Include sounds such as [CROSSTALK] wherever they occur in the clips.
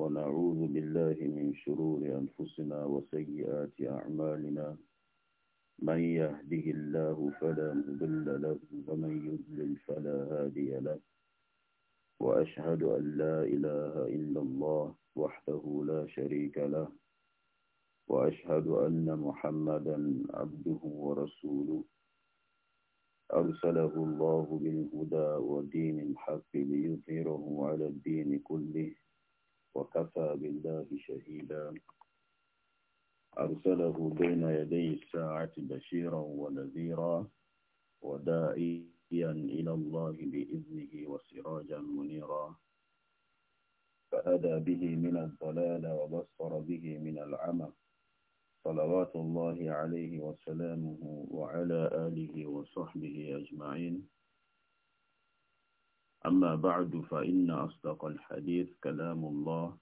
ونعوذ بالله من شرور أنفسنا وسيئات أعمالنا من يهده الله فلا مضل له ومن يضلل فلا هادي له وأشهد أن لا إله إلا الله وحده لا شريك له وأشهد أن محمدا عبده ورسوله أرسله الله بالهدى ودين الحق ليظهره على الدين كله وكفى بالله شهيدا أرسله بين يدي الساعة بشيرا ونذيرا وداعيا إلى الله بإذنه وسراجا منيرا فأدى به من الضلال وبصر به من العمى صلوات الله عليه وسلامه وعلى آله وصحبه أجمعين أما بعد فإن أصدق الحديث كلام الله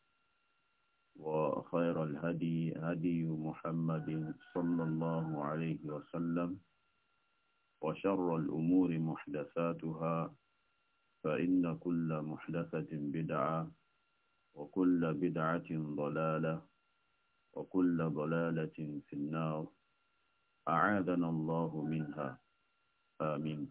وخير الهدي هدي محمد صلى الله عليه وسلم وشر الأمور محدثاتها فإن كل محدثة بدعة وكل بدعة ضلالة وكل ضلالة في النار أعاذنا الله منها آمين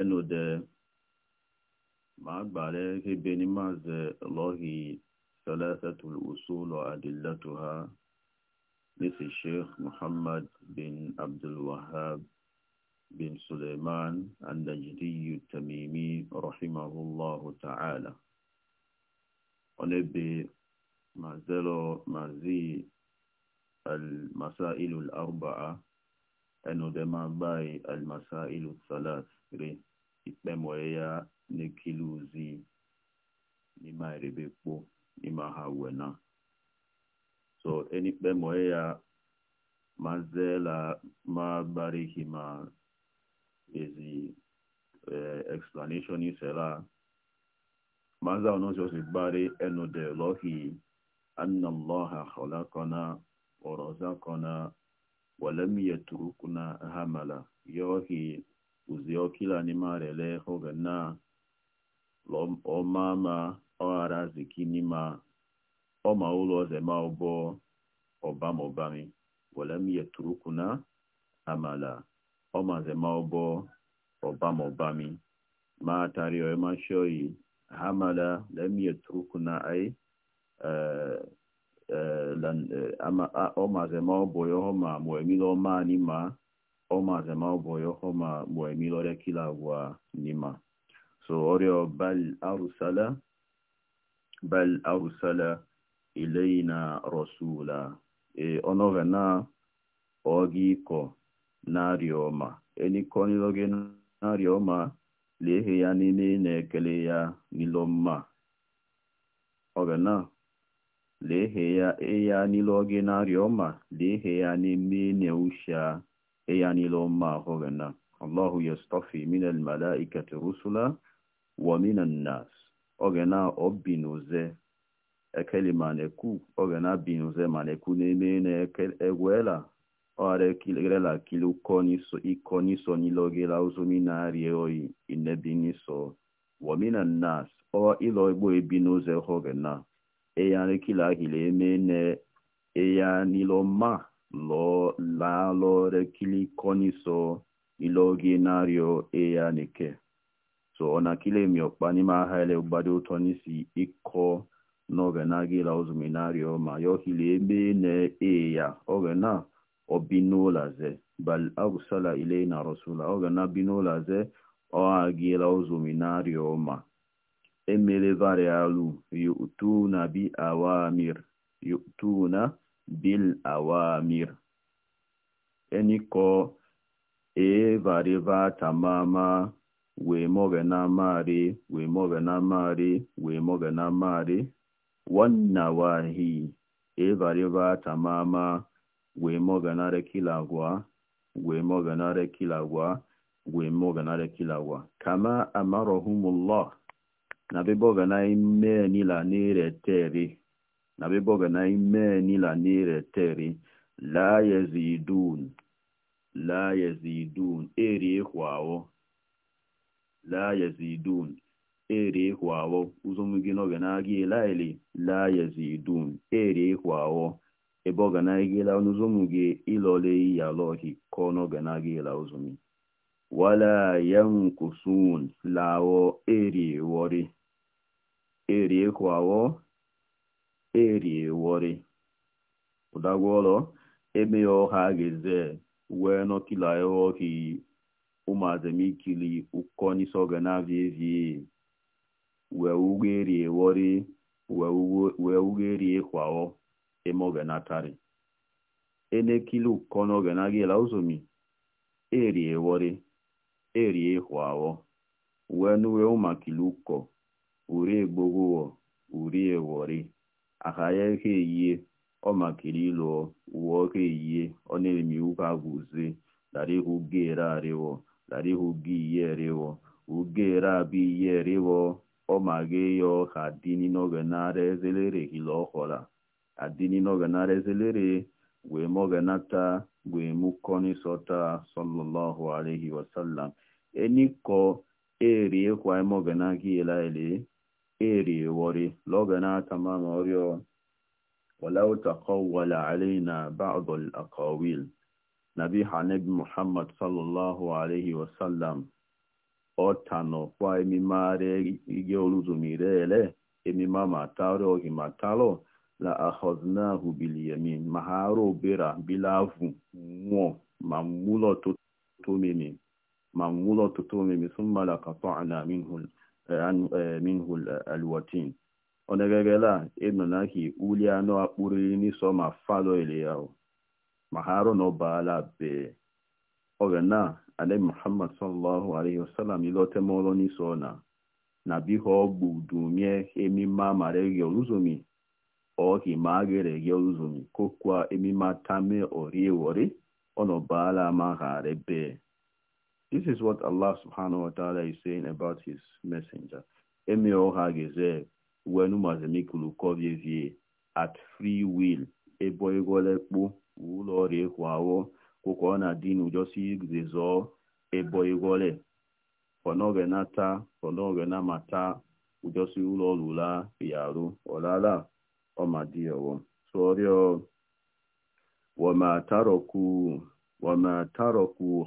enode magbare hebeni maze lohi ثلاثة الأصول وأدلتها مثل الشيخ محمد بن عبد الوهاب بن سليمان النجدي التميمي رحمه الله تعالى ونبي مازلو مازي المسائل الأربعة أنو دما باي المسائل الثلاثة re ikpemọ ya n'ekili ozi n'ime erebe kpo n'ime ha wena so enikpemọ ya mazela ma barihi ma ezi explanation isela maza onozo si gbari enu de lohi أن الله orozakona walemiyeturukuna hamala يتركنا uzi ọkila nimarele hoga na ọmama ọghara ziki nima ọma ụlọ ọzema ụbọ ọbamọbami welem yeturukuna amala ọmazema ụbọ ọbamọbami ma tari ọmashoyi hamala lem yeturukuna ai ọmazema ụbọ ya ọma mụemile ọma anima oma zema oboyo homa boemilore kila wa nima so oryo bal arusala bal arusala ileina rasula e onoga na ogiko n'ariọma enikoniloge n'ariọma lee ihe ya niile na-ekele ya n'ilo n'ilọmma ọgana lee ihe ya eya n'iloge n'ariọma lee ihe ya n'ime na-usha eyani eh, lo ma hogana allahu yastafi min al malaikati rusula wa min an nas ogena obinuze ekeli maneku ogena binuze maneku neme ne egwela ore kilela kilu koniso ikoniso nilogela uzuminari oyi inebiniso wa min an nas o ilo igbo ebinuze hogena eyani eh, kila hile eme ne eyani eh, lo ma lalorekilikoniso iloginario eyanike so ona kile miokpa n'ime agha ele gbado ụtọ n'isi ịkọ n'ogenagila ozuminario ma yohili ebe na-eya ogena obinolaze bal arsala ilaina rasula ogena binolaze ọagila ozuminario ma emelevarialu yutuna bi awamir yutuna bil awamir eniko e variva tamama we mogana mari we mogana mari we mogana mari wannawahi e variva tamama we moganare kilagwa we moganare kilagwa we moganare kilagwa kama amarahumullah na bebo gana ime nila nire teri na na imeni la nire teri la yezidun la yezidun eri hwawo la yezidun eri hwawo uzomugi noge na agi la eri hwawo eboga na agi la uzomugi ilole ya lohi kono ge na agi la uzumi wala yankusun lawo eri wori eri hwawo eriewori ụdagwọrọ emeghe ọha geze wee nọkila ohi ụmụazemikili ukọnisa oganavivi wee ugbo eriewori wee ugbo erie kwao eme oganatari enekili ukọna oganagila uzomi eriewori erie kwao wee nuwe ụmakili ukọ uri egbogwo uri ewori akaya heie ọmakirilu uwe heie ọ na-emiwuka eme iwu ka guze darihu gere ariwo darihu giye riwo ugere abiye riwo ọmageyo adini n'ogenara ezelere hile ọhọla adini n'ogenara ezelere wee mogenata wee mukoni sota sallallahu alaihi wasallam enikọ erie kwa emogenagiyela ele eri wori logana tamam orio ولو تقول علينا بعض الأقاويل نبيح نبي محمد صلى الله عليه وسلم أتانو فايمي ماري يولوزميريلي إمي ماما تارو إما تالو la ahọznahu bilyamin ma ha arụ obere bilavu nwụọ ma mmụlọ tụtụ omimi ma mmụlọ tụtụ omimi summa la katọna minhu Eh, minhu eh, alwatin onegerela ịnọnahi uli anụ akpụrịrị n'iso ma falo ele ya ma ha arụ na ọbaala be oge na ale muhammad sallallahu alaihi wasallam ilote mọlọ n'iso na na biho gbudumie emima mara ege oluzomi ohi ma agere ege oluzomi kokwa emima tame oriewori ọnọbaala ma ha arebe This is what Allah subhanahu wa ta'ala is saying about his messenger. at free will ụlọ ujosi ụlọ ọlala wama taroku wama taroku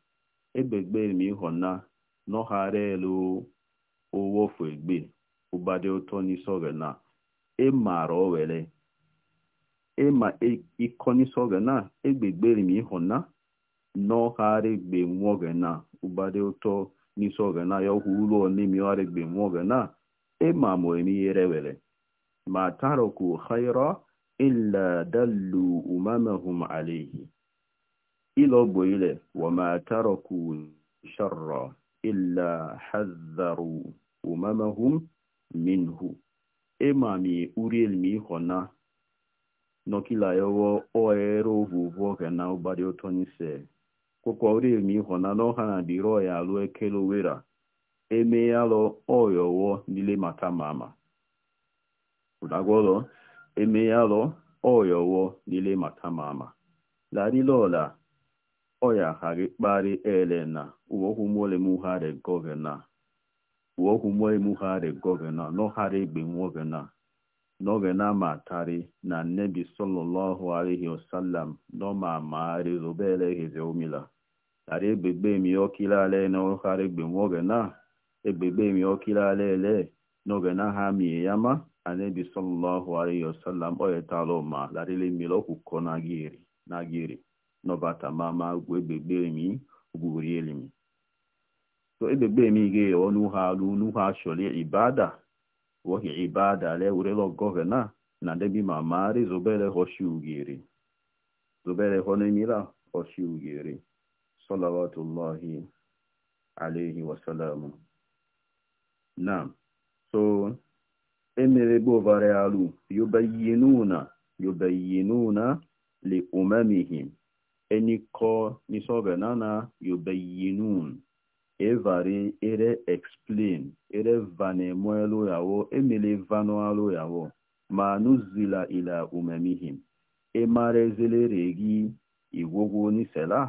egbegbe mi hona n'ọghara elu owofu egbe ụbadị ụtọ n'isi ọgana ịmara owere ịma ikọ n'isi ọgana egbegbe mi hona n'ọghara egbe nwa ọgana ụbadị ụtọ n'isi ọgana ya ọhụ ụlọ n'imi ọghara egbe nwa ọgana ịma mụ emi yere were ma taroku khaira illa dallu umamahum alayhi ilọgbo ilẹ wọma tarọkù sharra illa hazaru umamahum minhu emami uriel mi hona nọkila yọwọ ọẹrọ vuvu ọkana ụbadị ụtọ n'ise kwụkwọ uriel mi hona n'ọha na dịrọ ya alụ ekele wera emeyalọ ọyọwọ nílé mata mama ụdagwọlọ emeyalọ ọyọwọ nílé mata mama larilọla oya hagi kpari ele na uwohumole muhare governor uwohumole muhare governor no hare gbe governor n'ogena matari na nnebi sallallahu alaihi wasallam no ma mari rubele heze umila ari egbegbe mi okila na ohare gbe ogena egbegbe mi okila ale ele n'ogena ha mi yama anebi sallallahu alaihi wasallam oyetalo ma larile mi lokuko na na giri nọbata mama ugwu ebegbemi ugwuri elimi so ebegbemi ge ọnụhalu nuha sholi ibada wohi ibada le urelo gọvanọ na debi mama ri zobere hoshi ugiri zobere honemira hoshi ugiri salawatullahi alayhi wasalamu na. so emerebe ovare alu yobayinuna yobayinuna li umamihim enikọ nisobe nana yobeyinun evari ere explain ere vanemoelo yawo emele vanoalo yawo ma nuzila ila umemihim emarezeleregi igwogwo nisela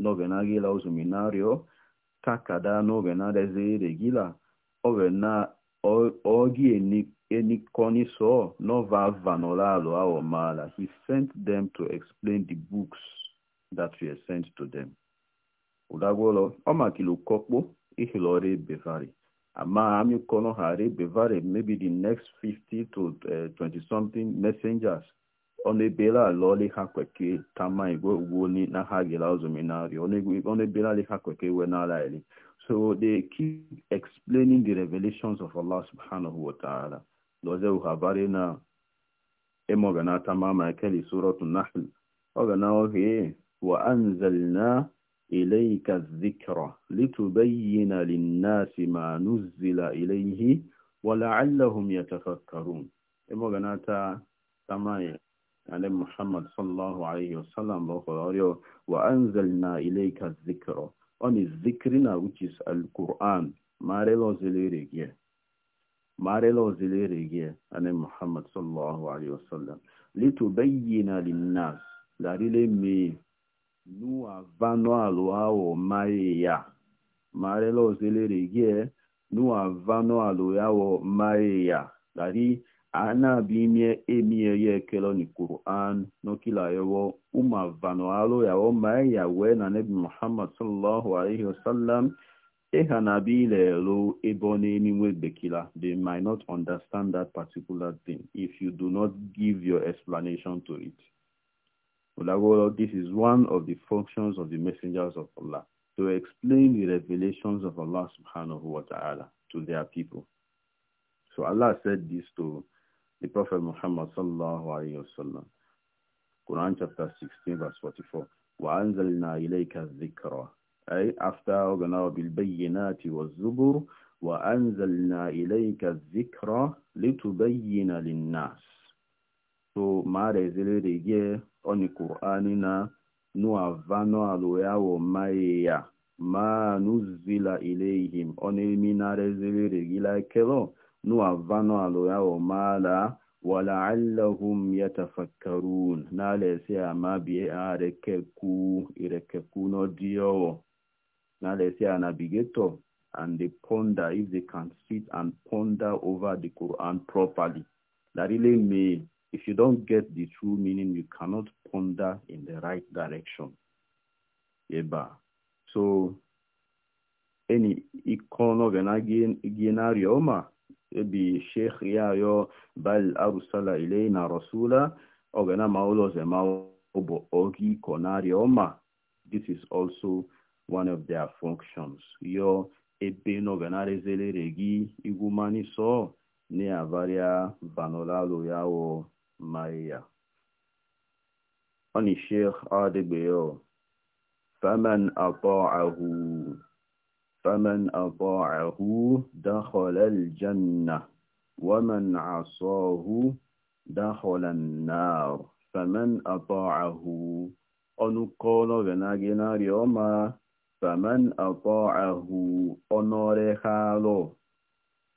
n'ogena gila ozuminario takada n'ogena rezeregila ovena ogi enikoniso nova vanolalo awo mala he sent them to explain the books that were sent to them. ọ Udagwolo, Omakilu Kokbo, Ihilore Bevari. Ama Amikono Hare Bevari, maybe the next 50 to uh, eh, 20 something messengers. Onebela ha Hakweke, Tama Igwe na Uwoni, Nahagela Ozominari, Onebela Hakweke Wenala Eli. So they keep explaining the revelations of Allah subhanahu wa ta'ala. Loze uhabarina emoganata mama ekeli suratu nahl. Ogana ohe وأنزلنا إليك الذكر لتبين للناس ما نزل إليه ولعلهم يتفكرون إما قناتا تماي على يعني محمد صلى الله عليه وسلم وأنزلنا إليك الذكر أن الذكرنا which is القرآن ما رلو زليريك ما رلو زليريك على يعني محمد صلى الله عليه وسلم لتبين للناس لاريلي مي nuwa vano aloa o maia, marelo zeleregie nuwa vano aloa o maia. dari ana bimie emieye kelo ni Qur'an nokila yewo uma vano alo o maia we na nabi Muhammad sallallahu alaihi wasallam e na bi lelo ebone eniwe bekila they might not understand that particular thing if you do not give your explanation to it Ulagoro, this is one of the functions of the messengers of Allah, to explain the revelations of Allah subhanahu wa ta'ala to their people. So Allah said this to the Prophet Muhammad sallallahu alayhi wa sallam. Quran chapter 16 verse 44. وَأَنزَلْنَا إِلَيْكَ الذِّكْرَ أي after أغنى بالبينات والزبر وأنزلنا إليك الذكر لتبين للناس. So ما رزيلي oni qur'ani na nu avano aloyawo maiya ma nuzila ileihim oni minarezilire gila kelo nu avano aloyawo mala walaallahum yatafakkarun nalese ama bie arekeku irekeku no diowo nalese anabigeto and they ponder if they can sit and ponder over the quran properly that really may If you don't get the true meaning, you cannot ponder in the right direction. Eba. So, any ikono genaria oma, ebi sheikh yayo yo bal arusala ilayna rasula, ogena maulo zema obo ogi konaria oma. This is also one of their functions. Yo ebe n'ọganarezele regi igumani so ne avaria banolalo yao. مايا أني الشيخ آدبيو فمن أطاعه فمن أطاعه دخل الجنة ومن عصاه دخل النار فمن أطاعه أنقول غناغنا ريوما فمن أطاعه أنور خالو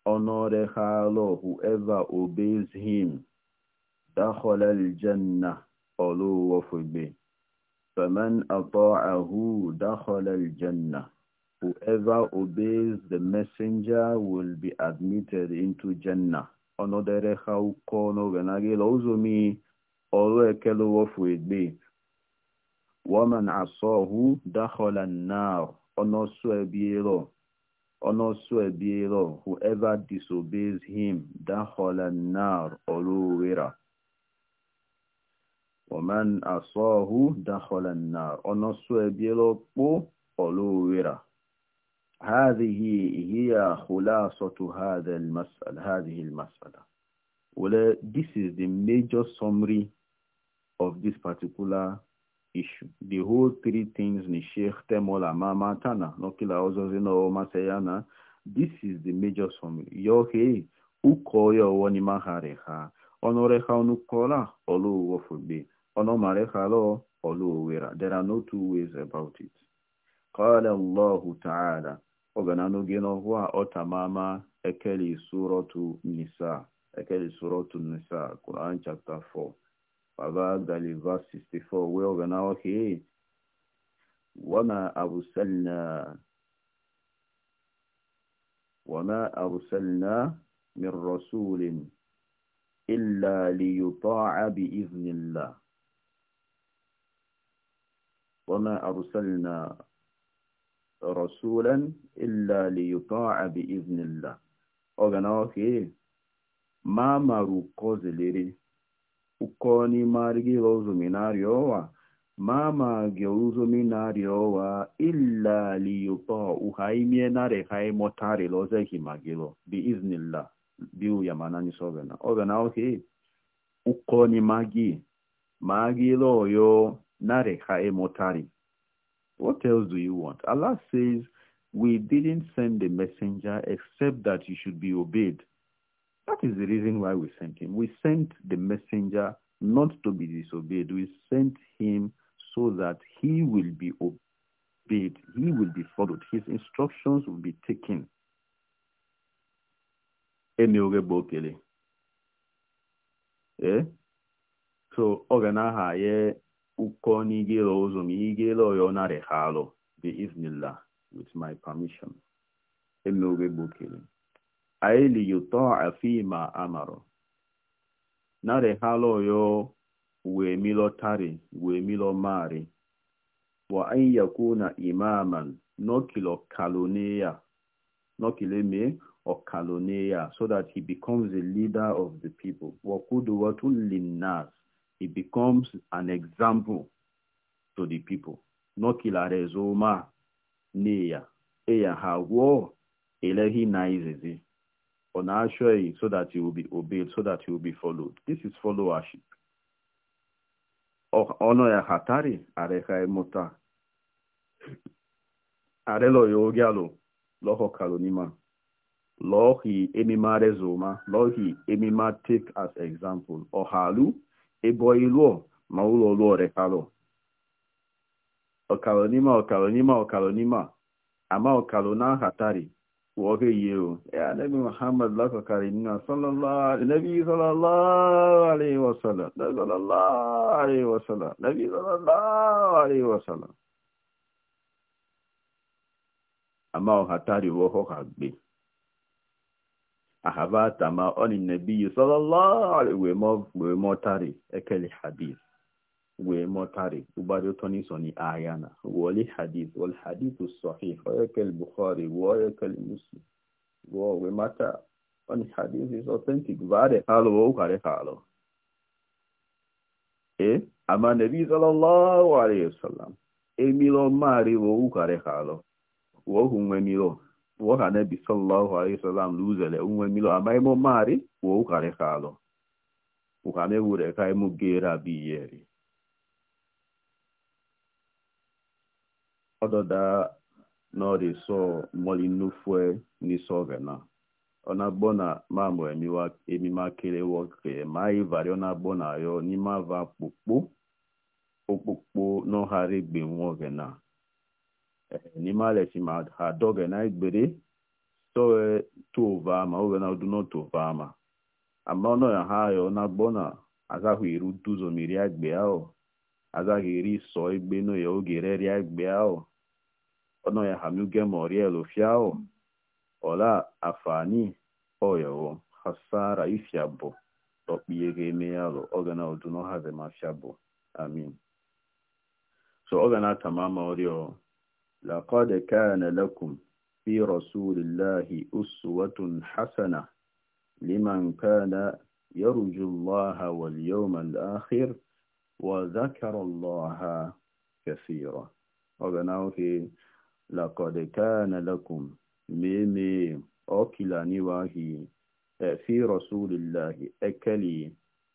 أنور خالو whoever obeys him دخل الجنة قالوا وفبي فمن أطاعه دخل الجنة Whoever obeys the messenger will be admitted into Jannah. Ọnọdere ha ụkọ n'oge na-agịla ozomi ọrụ ekele wofu egbe. Woman asọhu dakhola nar ọnọsụ ebiero. ọnọsụ ebiero. Whoever disobeys him dakhola nar ọrụ wera. ومن أصاه دخل النار ونصو بيلوكو ألوورا هذه هي خلاصة هذا المسألة هذه المسألة ولا this is the major summary of this particular issue the whole three things ni sheikh temola mama tana nokila ozozi no maseyana this is the major summary yohe ukoyo woni mahare ha onore ha onukola olu wofube Onomarechalo Oluwera. There are no two ways about it. قال الله تعالى oganano geno huwa otamama ekeli suratu nisa ekeli suratu nisa Quran chapter 4 فبعدلي verse 64 ويوغناو هي وما أرسلنا وما أرسلنا من رسول إلا ليطاع بإذن الله وما أرسلنا رسولا إلا ليطاع بإذن الله أغنى أوكي ما مارو كوزليري ukoni marigi lozu minariowa mama geuzu minariowa illa liyuto uhaimie nare haimo tari loze himagilo biiznillah biu yamanani sovena ogana ohi ukoni magi magilo yo What else do you want? Allah says, we didn't send the messenger except that you should be obeyed. That is the reason why we sent him. We sent the messenger not to be disobeyed. We sent him so that he will be obeyed. He will be followed. His instructions will be taken. Eh? So, ọ ga ukonigelo uzomigelo yonarehalo biiznillah with my permission emeoge gbokere anyị liyuto afima amaro narehalo yo wee milotari wee milomari wa an yakuna imaman nokilo kaloneya nokileme okaloneya so that he becomes a leader of the people wakuduwatun linnas He becomes an example to the people. No ezoma n'eya eya ha gwụọ eleghị na izizi ọ na so that he will be obeyed so that he will be followed. This is followership. Ọnọ ya hatari areha emota arelo ya loho kalonima lohi emima rezoma lohi emima take as example ọhalu ebo iluo ma ụlọ lụọ rekalụ ọkalonima ọkalonima ọkalonima ama ọkalụ na nhatari wọ́gẹ́ yìí o ya nabi muhammad lákọ̀kàrí nínú nabi sallallahu alaihi wasallam nabi sallallahu alaihi wasallam nabi sallallahu alaihi wasallam ama ọhatari wọ́kọ̀ kàgbé ahabata ma oni nabi sallallahu alaihi we mo we mo tari ekeli hadith we mo tari ubari toni soni ayana wali hadith wal hadith sahih wa ekeli bukhari wa ekeli muslim wa we mata oni hadith is authentic vare halo wo kare halo eh ama nabi sallallahu alaihi wasallam emilo mari wo kare halo wo hunwe milo woka nabi sallallahu alaihi wasallam luzele unwe milo ka mo mari wo ukare kalo ukame wure kai mu gera biyeri ododa nori so moli nufwe ni sogena ona bona mambo emiwa emima vari na n'ime ava kpụkpụ okpukpu n'ime si ma ha doge na egbere soe tova ma oge na odu n'otova ama ama ọnọ ya ha ayọ na gbọna azahụ iru duzo miri agbe ahụ azahụ iri sọ egbe no ya oge reri agbe ahụ ọnọ ya ha muge ma ọriel ofia ahụ ọla afani ọyọwọ hasara ifiabụ tọkpiye ga-eme ya lụ oge na odu n'ọhaze ma fiabụ amin so oge na-ata ma ama ọrịa لقد كان لكم في رسول الله أسوة حسنة لمن كان يرجو الله واليوم الآخر وذكر الله كثيرا وبناوه لقد كان لكم ميمي أكل واهي في رسول الله أكلي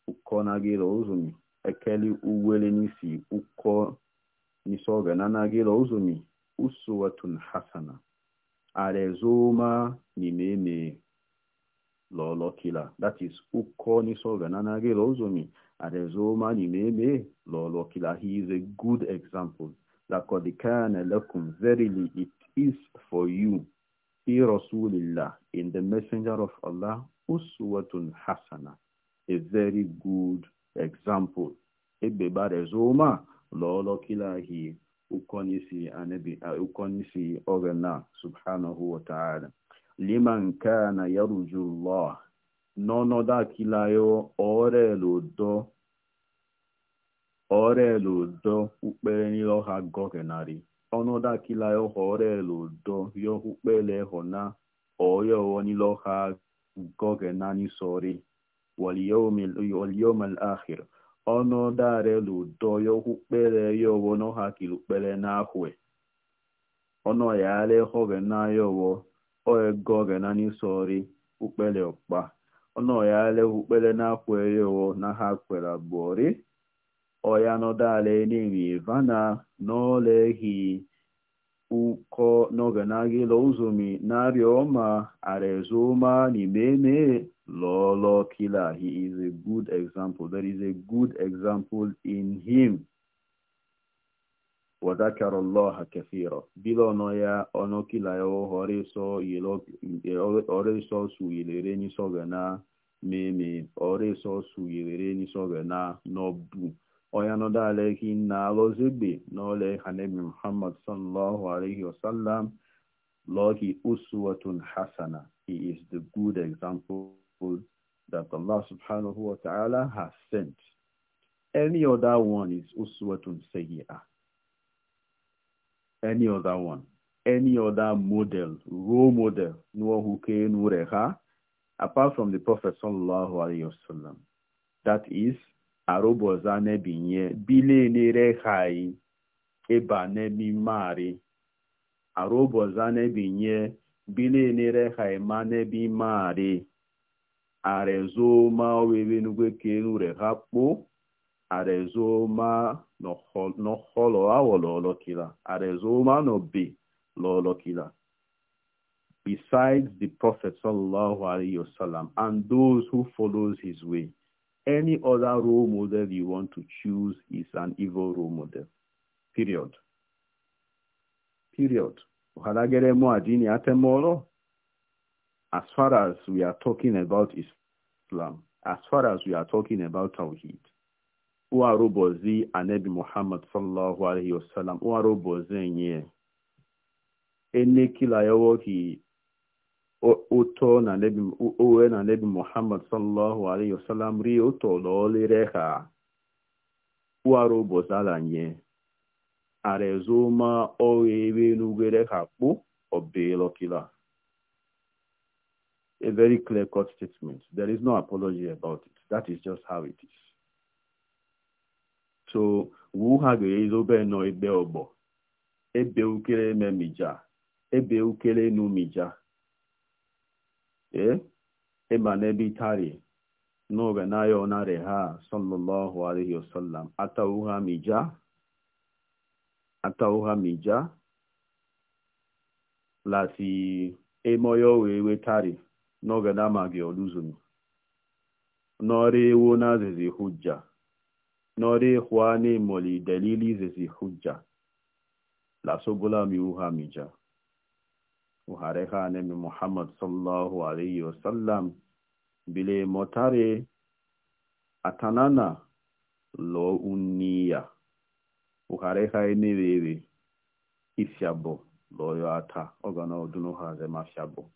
أكونا uzumi أكلي أولي نسي أكو nisoga nanagila uzumi uswatun hasana arezoma nimene lolo kila that is ukoni soganana gelozomi arezoma nimene lolo kila he is a good example لقد كان لكم verily it is for you في رسول in the messenger of Allah uswatun hasana a very good example ebeba rezoma lolo kila he ukonisi anabi ah, ukonisi ogana subhanahu wa ta'ala liman kana yarju Allah nono da kilayo ore lodo ore lodo ukpere ni lo ha gokenari ono da kilayo ore lodo yo ukpele hona oyo oni lo ha gokenani sori wal yawmil yawmal akhir Ọnụ ọnụdarelụdo yokpukpere ya owono ha kirukpere n'ahwe ọnọyare hogenaya owo oego ogenani sori ukpere ọkpa ọnọyare ukpere n'ahwe ya owo na ha kwere abụọri ọya nọdare n'imi vana n'ọlehi ụkọ n'oge ụzomi ọma lọlọ kila he is a good example there is a good example in him wadakara allah kafira. bila ono ya ono kila ya ohore so yelo ore so su yelere ni so gana meme ore so su yelere ni so nobu oyanọda alehi na na n'ole hanebi muhammad sallallahu alaihi wasallam loki uswatun hasana he is the good example that allah subhanahu wa ta'ala has sent any other one is uswatun sayyi'ah any other one any other model role model nuwahuke nureha apart from the prophet sallallahu alaihi wasallam that is aroboza nebinye bilelere hai eba nebi mari aroboza nebinye bilelere hai ma nebi mari arezo ma owewe nugwe kenu re hapo arezo ma kila arezo ma no be lolo kila besides the prophet sallallahu alaihi wasallam and those who follows his way any other role model you want to choose is an evil role model. Period. Period. As far as we are talking about Islam, as far as we are talking about Tawheed, uwarobozi anabi Muhammad sallallahu alayhi wasallam, uwarobozi nye, ene kila yawoki ụtọ na nebi owe na nebi muhammad sallallahu alaihi wasallam rie ụtọ lọlere ha ụara ụbọchị Ara arezoma ọghị ebe n'ugwere ha kpụ obelokila a very clear cut statement there is no apology about it that is just how it is so wu ha ga-ezobe nọ ebe ọgbọ ebe ukere eme ebe ukele nu ee ịba n'ebe itari n'oge n'ahịa ọnarị ha sallallahu alaihi wasallam atauha mija atauha mija lati emoyo wee wetari n'oge na-amaghị oluzunu n'ọrụ ewu na hujja n'ọrụ ịhụ anya imoli delili izizi hujja lasobola miuha mija ha anemi muhammad sallallahu alaihi wasallam bile motare atanana lo uniya uhareha enewewe ifiabo loyo ata ogana odunu haze mafiabo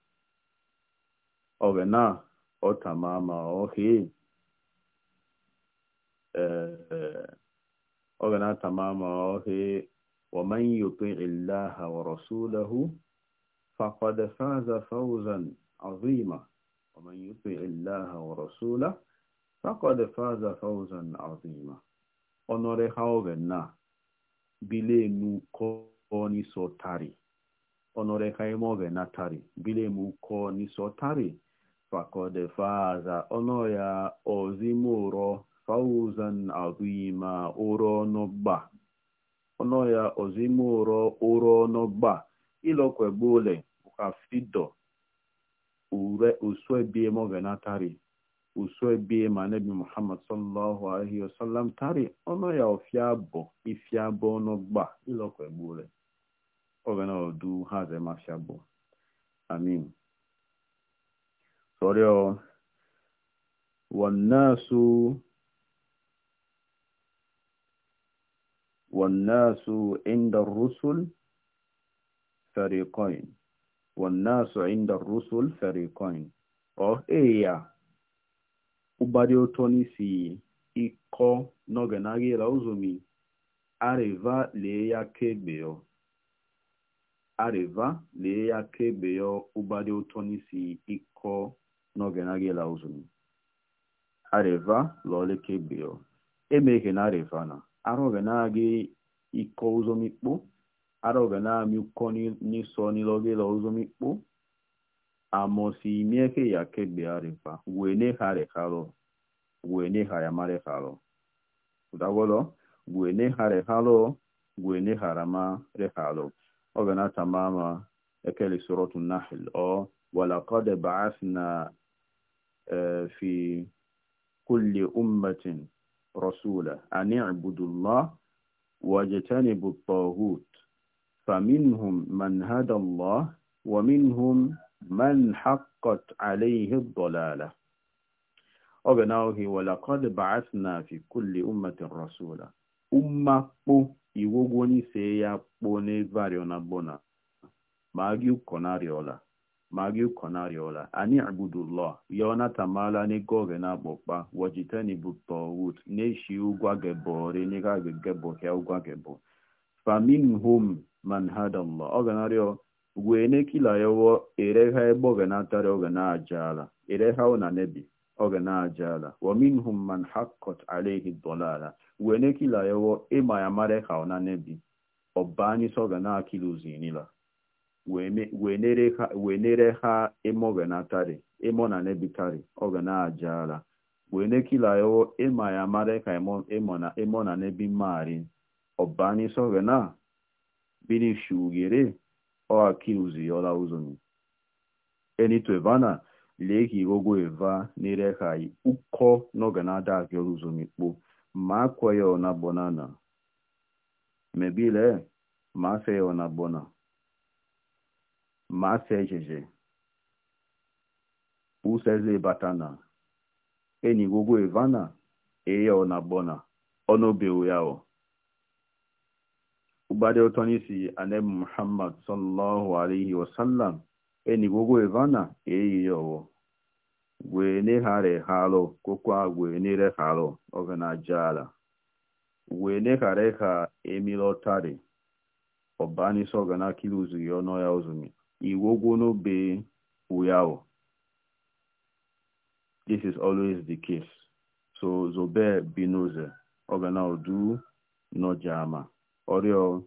ogana otamama ohi eh, eh, ogana tamama ohi ومن يطع الله ورسوله فقد فاز فوزا عظيما ومن يطع الله ورسوله فقد فاز فوزا عظيما onore haove na bile mu ko ni sotari onore haimove na tari bile mu ko ni sotari fakode faza onoya ozimuro fauzan azima uro no onoya ozimuro uro no ilokwebule ukafido ure uswe bie movena tari uswe bie manebi muhammad sallallahu alaihi wasallam tari ọnụ ya ofiabo ifiabo ono gba ilokwebule ovena odu haze mafiabo amin sorio wannasu والناس عند الرسل فريقين والناس عند الرسل فريقين or oh, eya ụgbari ụtọ n'isi ịkọ n'oge na-agịra uzomi arịva lee ya kebeo arịva lee ya kebeo ụgbari ụtọ n'isi ịkọ n'oge na-agịra uzomi arịva lọle kebeo emeghe na arịva na arụghị na-agị ịkọ uzomikpo ara oge na mi kọ n'iso n'ilọge lọ ụzọ mikpo amosi imieke ya kegbe arifa wene hare haro wene hare mare haro udagwolo wene hare haro wene harama re haro oge na tamama ekeli suratu nahl o ولقد بعثنا في كل أمة رسولا أن اعبدوا الله واجتنبوا الطاغوت فمنهم من هدى الله ومنهم من حقت عليه الضلالة أبناؤه ولقد بعثنا في كل أمة رسولا أمة iwogwoni se ya kpo n'ebari ona bona magi ukonari ola magi ukonari ola ani abudullah yona tamala ni goge na bokpa wajitani butawut ne shi ugwa gebore ni ga gebo ke ugwa gebo faminhum man hadallah ọ ganarịọ wene kila yawo ereha egbo ganatara oge na-ajala ereha una nebi oge na-ajala wa minhum Alehi haqqat wee dolala wene kila yawo ema ya mare ha una nebi obani so ga na kilu zinila wee ha wenere ha emo ganatari emo na nebi tari oge na-ajala wene kila ema ya mare ha emo emo na emo na nebi mari obani so ga na bili shugere o akiuzi yola uzoni enito evana leki igogo eva nirekai uko n'oge na-ada abịọrọ uzoni kpo ma akwa ya ona bonana mebile ma afe ya ona bona ma afe ejeje useze batana enigogo evana eya ona bona ọnụ obewu ya ubade otonisi aneb muhammad sallallahu alaihi wasallam eni gogo evana eyi yowo gwene hare halo kokwa gwene re halo ogana jala gwene hare ha emilotari obani sogana kiluzu yono ya uzumi iwogo no be uyawo this is always the case so zobe binoze ọgana odu nọ jama Oreo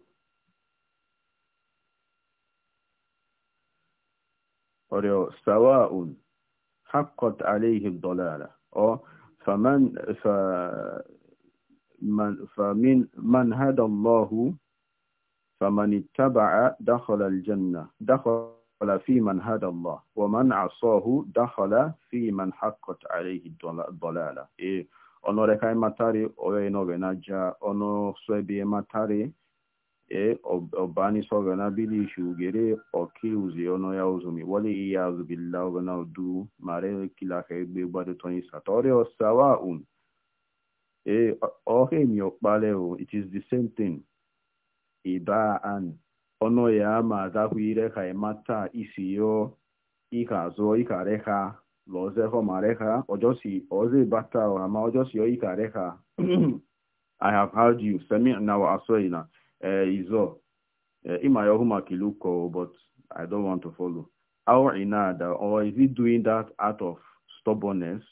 Oreo آه. آه. سواء حقت عليه الضلالة أو آه. فمن فمن فمن من هدى الله فمن اتبع دخل الجنة دخل في من هدى الله ومن عصاه دخل في من حقت عليه الضلالة إيه ọnụ reka matari oye na ogena ja ọnụ soebie matari e obani sogena bilishi ugere oki uzi ono ya uzumi wali iya azubila ogena udu mare kilaka egbe gbado tony satori osawa un, e ohe mi okpale o it is the same thing iba an ono ya ma adahụ ire ka emata isi yo ike loze homareha ojosi oze bata ama ojosi oikareha [CLEARS THROAT] i have heard you sami'na wa asoina uh, izo eh, ima kiluko but i don't want to follow our inada or is he doing that out of stubbornness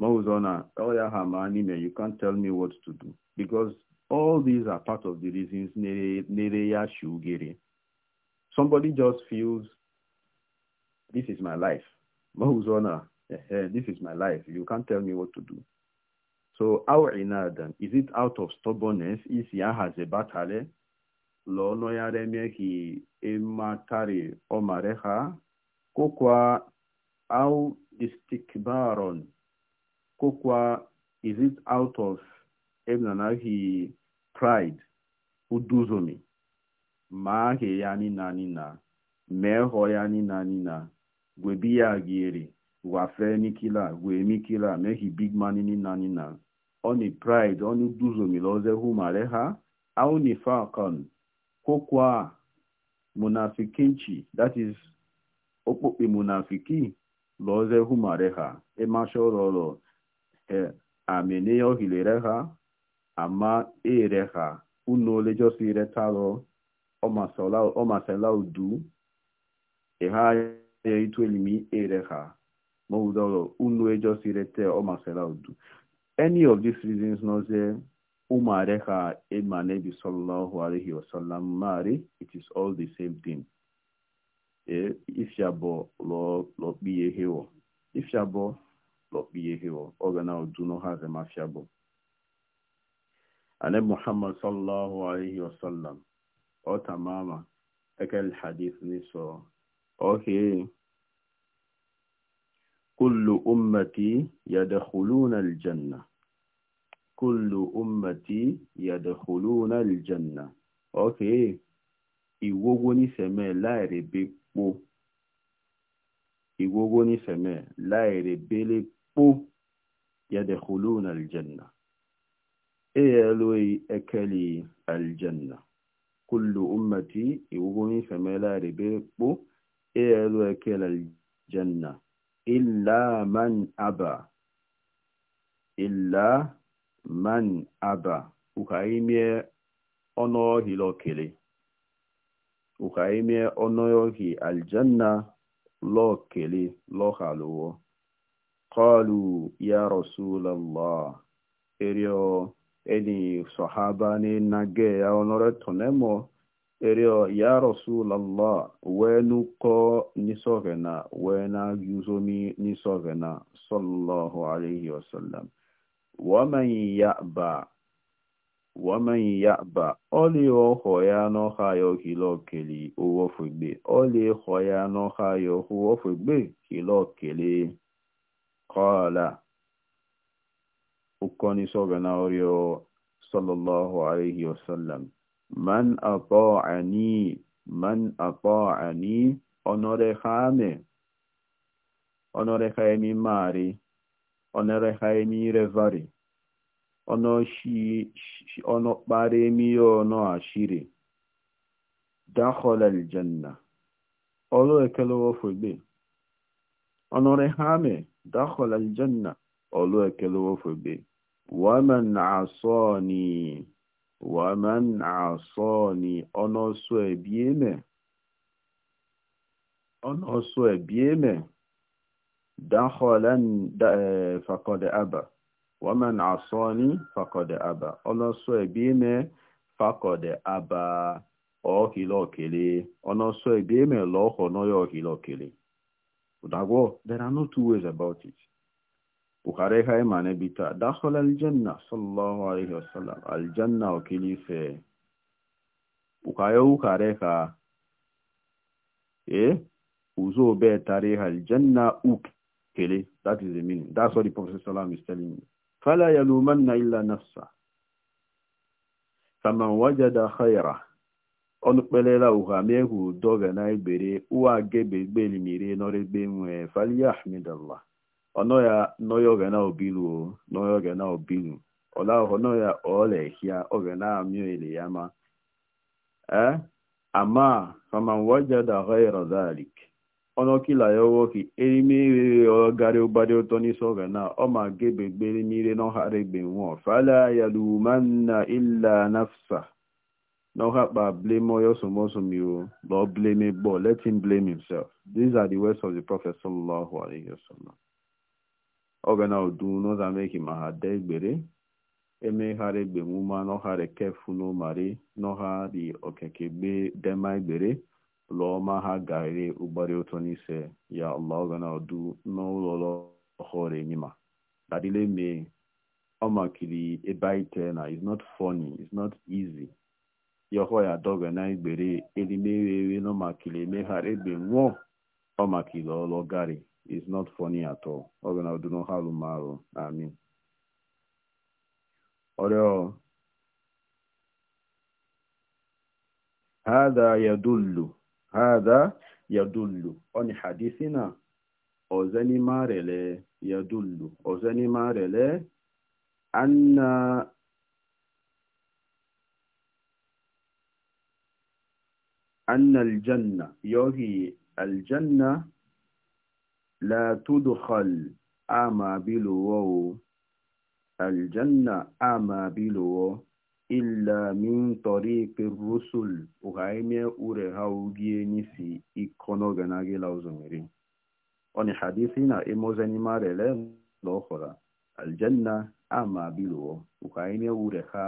Mozona, oh, you can't tell me what to do. Because all these are part of the reasons Somebody just feels, this is my life. Mahuzona, eh, eh, this is my life. You can't tell me what to do. So our inadan, is it out of stubbornness? Is ya has a batale? Lo no ya remehi imatari omareha kokwa au istikbaron kokwa is it out of ebnanahi pride uduzomi ma he ya ni na ni na me ho na ni na gwebiya gieri wafe nikila gwemikila mehi big man nina nina oni pride oni duzo miloze humaleha au ni falcon kokwa munafikinchi that is okpokpe munafiki loze humareha emashororo he amene ohilereha ama ereha unole josi retalo omasela udu eha itwelimi ereha maudolo unu ejosirete omasela udu any of these reasons noze umareha emanebi sallallahu alaihi wasallam mari it is all the same thing e, ifyabo lo lo biye hewo ifyabo lo biye hewo ogana udu no haze mafyabo ane muhammad sallallahu alaihi wasallam ọ tamama ekel hadith ni Okay. كل أمتي يدخلون الجنة كل أمتي يدخلون الجنة أوكي ìwógó ní sẹ̀mẹ́ láìrèbé pó ìwógó ní sẹ̀mẹ́ láìrèbé lè pó يدخلون الجنة إيلو أكلي الجنة كل أمتي ìwógó ní sẹ̀mẹ́ láìrèbé pó elu ekele janna illa man aba illa man aba ukaimie ọnụ ọhịa okele ukaimie ọnụ ọhịa aljanna lọkele lọhalụwo قالوا يا رسول الله إريو إني صحابة نجي أو نرى تنمو ereo ya rasulallah wenu ko nisogena wena yuzomi nisogena sallallahu alayhi wasallam waman ya'ba waman ya'ba oli o hoya no hayo kilo keli owo fugbe oli hoya no hayo owo fugbe kilo kele qala ukoni sogena orio sallallahu alayhi wasallam من man ata'ani man ata'ani onorehame onorehami mari onorehami revari ono shi ono paremi ono ashire dakhala aljanna olo ekelowo fogbe onorehame dakhala aljanna olo ekelowo fogbe waman asani waman asọni ọnọsọ ebieme ọnọsọ ebieme dakholan fakode aba waman asọni fakode aba ọnọsọ ebieme fakode aba ọhilọkele ọnọsọ ebieme lọhọ there are no two ways بخاري هاي ماني بيتا داخل الجنة صلى الله عليه وسلم الجنة وكلي في بخاري بخاري كا إيه وزو بيت تاريخ الجنة أوك كلي that is the meaning that's what the Prophet صلى الله عليه وسلم is telling me فلا يلومن إلا نفسه فمن وجد خيره onu pele la u ga mehu do ga na ibere u a ge be be li mire no re be mu e fali ahmedallah ya onoya noya ogena obilu noya ogena obilu ola honoya ole hia ogena amyele yama eh ama faman wajada ghayra dhalik ono kila yowo ki erimi ogare ubade oto ni so ogena o ma gebe gbere mire no hare gbe won fala yalumanna illa nafsa no hapa blame oyo somoso mi o lord blame bo let him blame himself these are the words of the prophet sallallahu alaihi wasallam ogana udu n'ozameki ma ha dee egbere emeghara egbe muma n'ọhara kefu n'ụmari n'ọhari okeke gbe dema egbere lụọma ha gari ụgbari ụtọ n'ise ya allah ogana udu n'ụlọlọ ọhụrụ enyima dadile me makiri ebe ite na is not funny is not easy yọhọ ya dọga na egbere elimewewe n'ọmakiri emegharị egbe nwụọ ọmakiri ọlọ gari is not funny at all. Or when I do not have tomorrow, I mean. Or هذا يدل هذا يدل أن حديثنا أزني مارل يدل أزني مارل أن أن الجنة يوهي الجنة látúdùkọl àmàbílòwọ́ o aljanna àmàbílòwọ́ ilà mintọrí perusul uhaime ure ha ugie nisi ikono ganagi lauzumiri oni hadithi na imozeni marele lọhọra aljanna àmàbílòwọ́ uhaime ure ha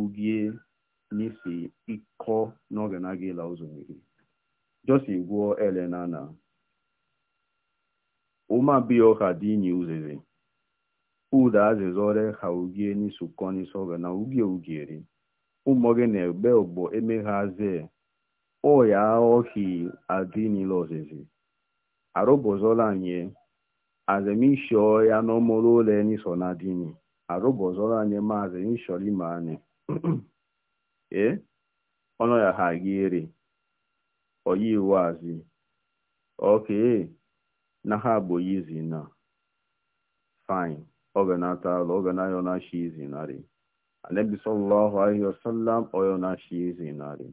ugie nisi iko noganagi lauzumiri josi gwuo ele na na uma bioha dini uzeze uda azezore ha ugie ni sukoni soga na ugie ugieri umoge na egbe ogbo emeghaze oya ohi adini lozeze arobozola nye azemisho ya n'omolo ole ni so na dini arobozola nye ma azemisho lima ani [CLEARS THROAT] e eh? ọnụ ya ha gị ere oyi iwu azi okay na ha abụghị izi na fine oge na-ata ala oge na ayọ na-achị izi narị anabi sallallahu alaihi wasallam oyo na-achị izi narị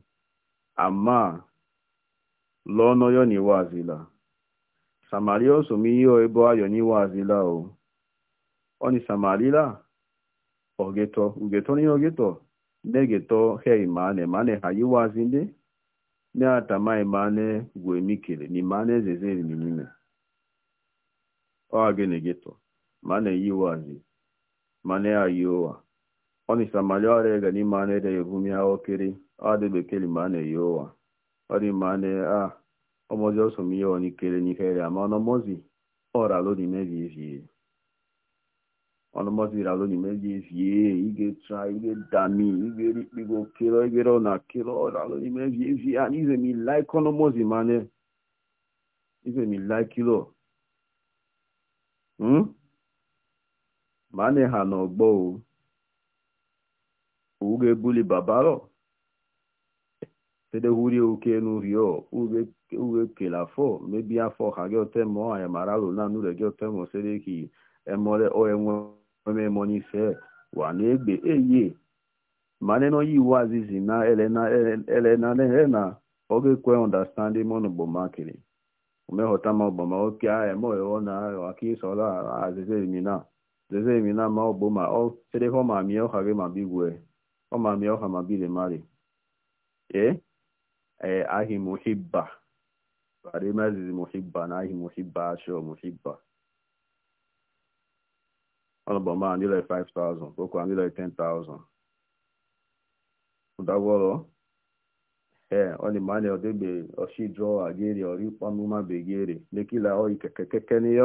ama lụọ n'oyo na iwe azila samaria ihe ebe ayọ n'iwe azila o Ọnị samarila ogeto ugeto ni ogeto negeto he imane mane ha iwe azinde ne atamai mane gwemikele ni mane zezeri n'ime ọ gịnị gị tụ ma na-eyi wazi ma na-ayi ụwa ọ nisa mali ọrịa ịga n'ime a na-ede ya ebumi ha okiri ọ dị bekee ma a na-eyi ụwa ọ dị ma na e, a ah, ọmọzi ọsọ m ihe onikere n'ihe ya ma ọnọmọzi ọra lodi mebi evie ọnọmọzi ra ezie ịga evie ịga tra ige dami ige rikpigo kero igere ọ na kero ọra lodi mebi evie and ize mi like ọnọmọzi ma na ize mi like Hmm? mane ha n'ọgbọ uge buli babalo tede huri uke nu rio uge uge kela fo mebi afọ ha gị ote mọ anyị mara alụ na nure gị ote mọ sere ki emole o enwe eme mọ n'ife wa na-egbe eye mane no yi wazizi na elena elena elena oge kwe understanding mọnụ bụ makịrị umehota maọbụ ma oke ahịa maọbụ na ahịa aka ịsọrọ azeze emina zeze emina ma ọ bụ ma ọ sịrị ha ma mie ọha gị ma bigwe ọ ma mie ọha ma bile mari ee ee ahị muhibba bari mezizi muhibba na ahị muhibba ashọ muhibba ọnụbọ ma ndị 5000 okwu ndị 10000 ụdagwọrọ ee ọ dị manya odebe ọchidro ageri orikpamụma begere lekila oyi kekekeke eh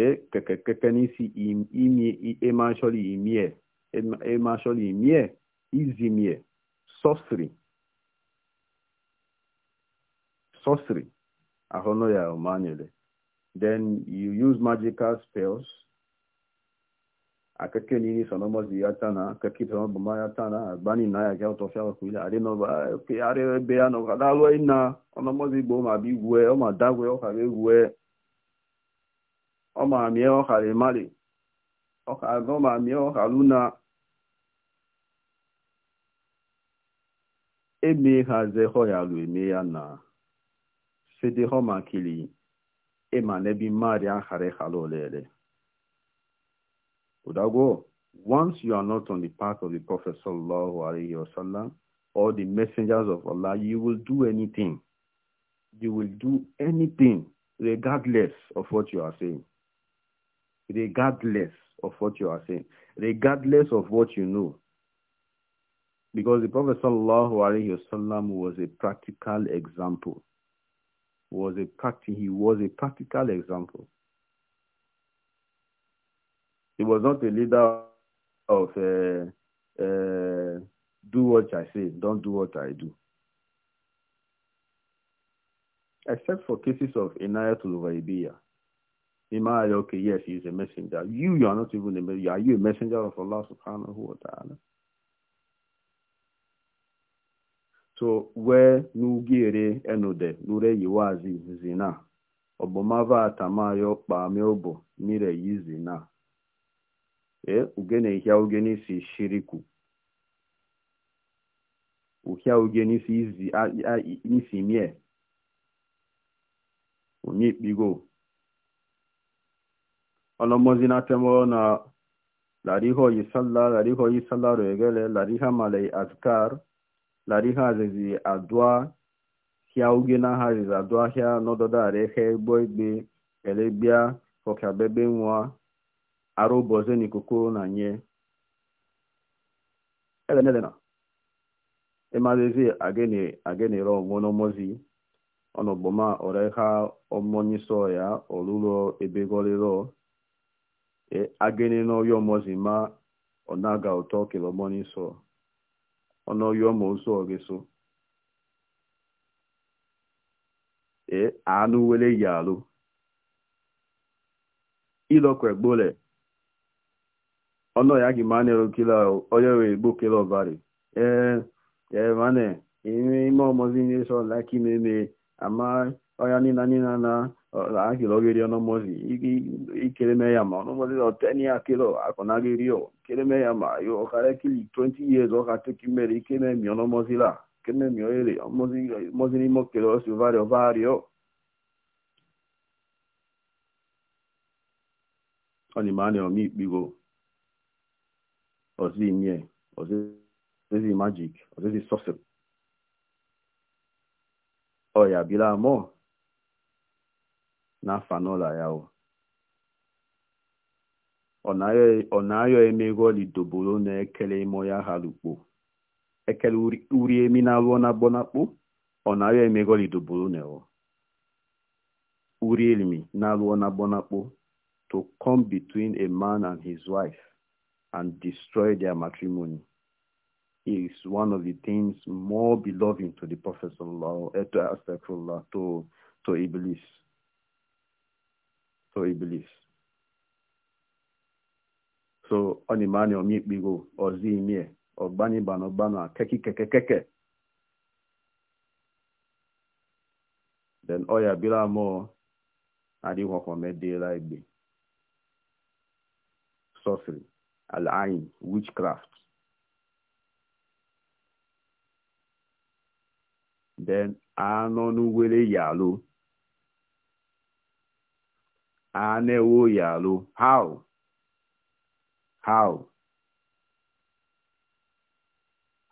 ee kekekeke n'isi imi emachọli imie emachọli imie izimie sọsri sọsri ahụnụ ya omanyele then you use magical spells akeke nini sana mazi yata na akeke sana bama yata na bani na ya kia utofia wa kuila ale no ba pe are be ya no kada lo ina ona mazi bo ma bi gwe o ma da gwe o ka be gwe o ma mi o ka le male o ka go ma mi o ha ze ho ya lu emi ya na se de ma kili e ma ne bi mari an khare khalo lele Udago, once you are not on the path of the Prophet Sallallahu Alaihi Wasallam or the messengers of Allah, you will do anything. You will do anything regardless of what you are saying. Regardless of what you are saying. Regardless of what you know. Because the Prophet Sallallahu Alaihi Wasallam was a practical example. Was a practi he was a practical example. was not a leader of uh, uh, do what I say, don't do what I do. Except for cases of Inaya Tuluvaibiya. ima okay, yes, he is a messenger. You, you are not even a messenger. Are you a messenger of Allah subhanahu wa ta'ala? So, where nugire enude, nure yiwazi zina. Obomava atamayo kpa meobo, nire yizina. ee ugenehia ugenisi shiriku uhia ugenisi izi nisi mie onye ikpigo ọlọmọzi na temoro na lariho yisalla lariho yisalla regele lariha malai azkar lariha azizi adua hia uge na ha azizi adua hia nọdọda arehe egbo egbe elegbia ọkabebe nwa ụbọchị n'ikuku na nye elenedena emazezi agene agenere onwe n'omozi ọnọgboma oreha omonyiso ya oluro ebegoriro e agene n'oyo omozi ma onaga ụtọ kele omoniso ọnọyo mozo ogeso e anụ wele yalu ilokwe gbole ọnụ ya gị mane rokila onye wee gbo kele ọbari ee ee mane ime ime ọmọzi nye sọ laki meme ama ọya nina nina na agịrị ogiri ọnụmọzi ikeleme ya ma ọnụmọzi ọteni ya kelo akọnagiri o keleme ya ma yo ọkara kili 20 years ọka teki mere ikememi ọnụmọzi la kememi oyere ọmọzi n'ime okele ọsi ọbari ọbari o ọ ni ma na ọmị ozi nye ozizi magic ozizi sọsịl ọ ya bila mọ na n'ụlọ ya o oh. ọ na-ayọ emego lidobolo na ekele imo ya halukpo ekele uri emi na alụọ na gbọnakpo ọ na-ayọ emego lidobolo na ewo oh. uri elimi na alụọ na gbọnakpo to come between a man and his wife and destroy their matrimony is one of the things more beloved to the Prophet eh, to to, to Iblis. To Iblis. So on imani omikbigo ozimie ogbani bano bano keki keke keke. Then oya bila mo adi wakwame lai be. sorry. al-ain, witchcraft. Then anonu wele yalo. Anewo yalo. How? How?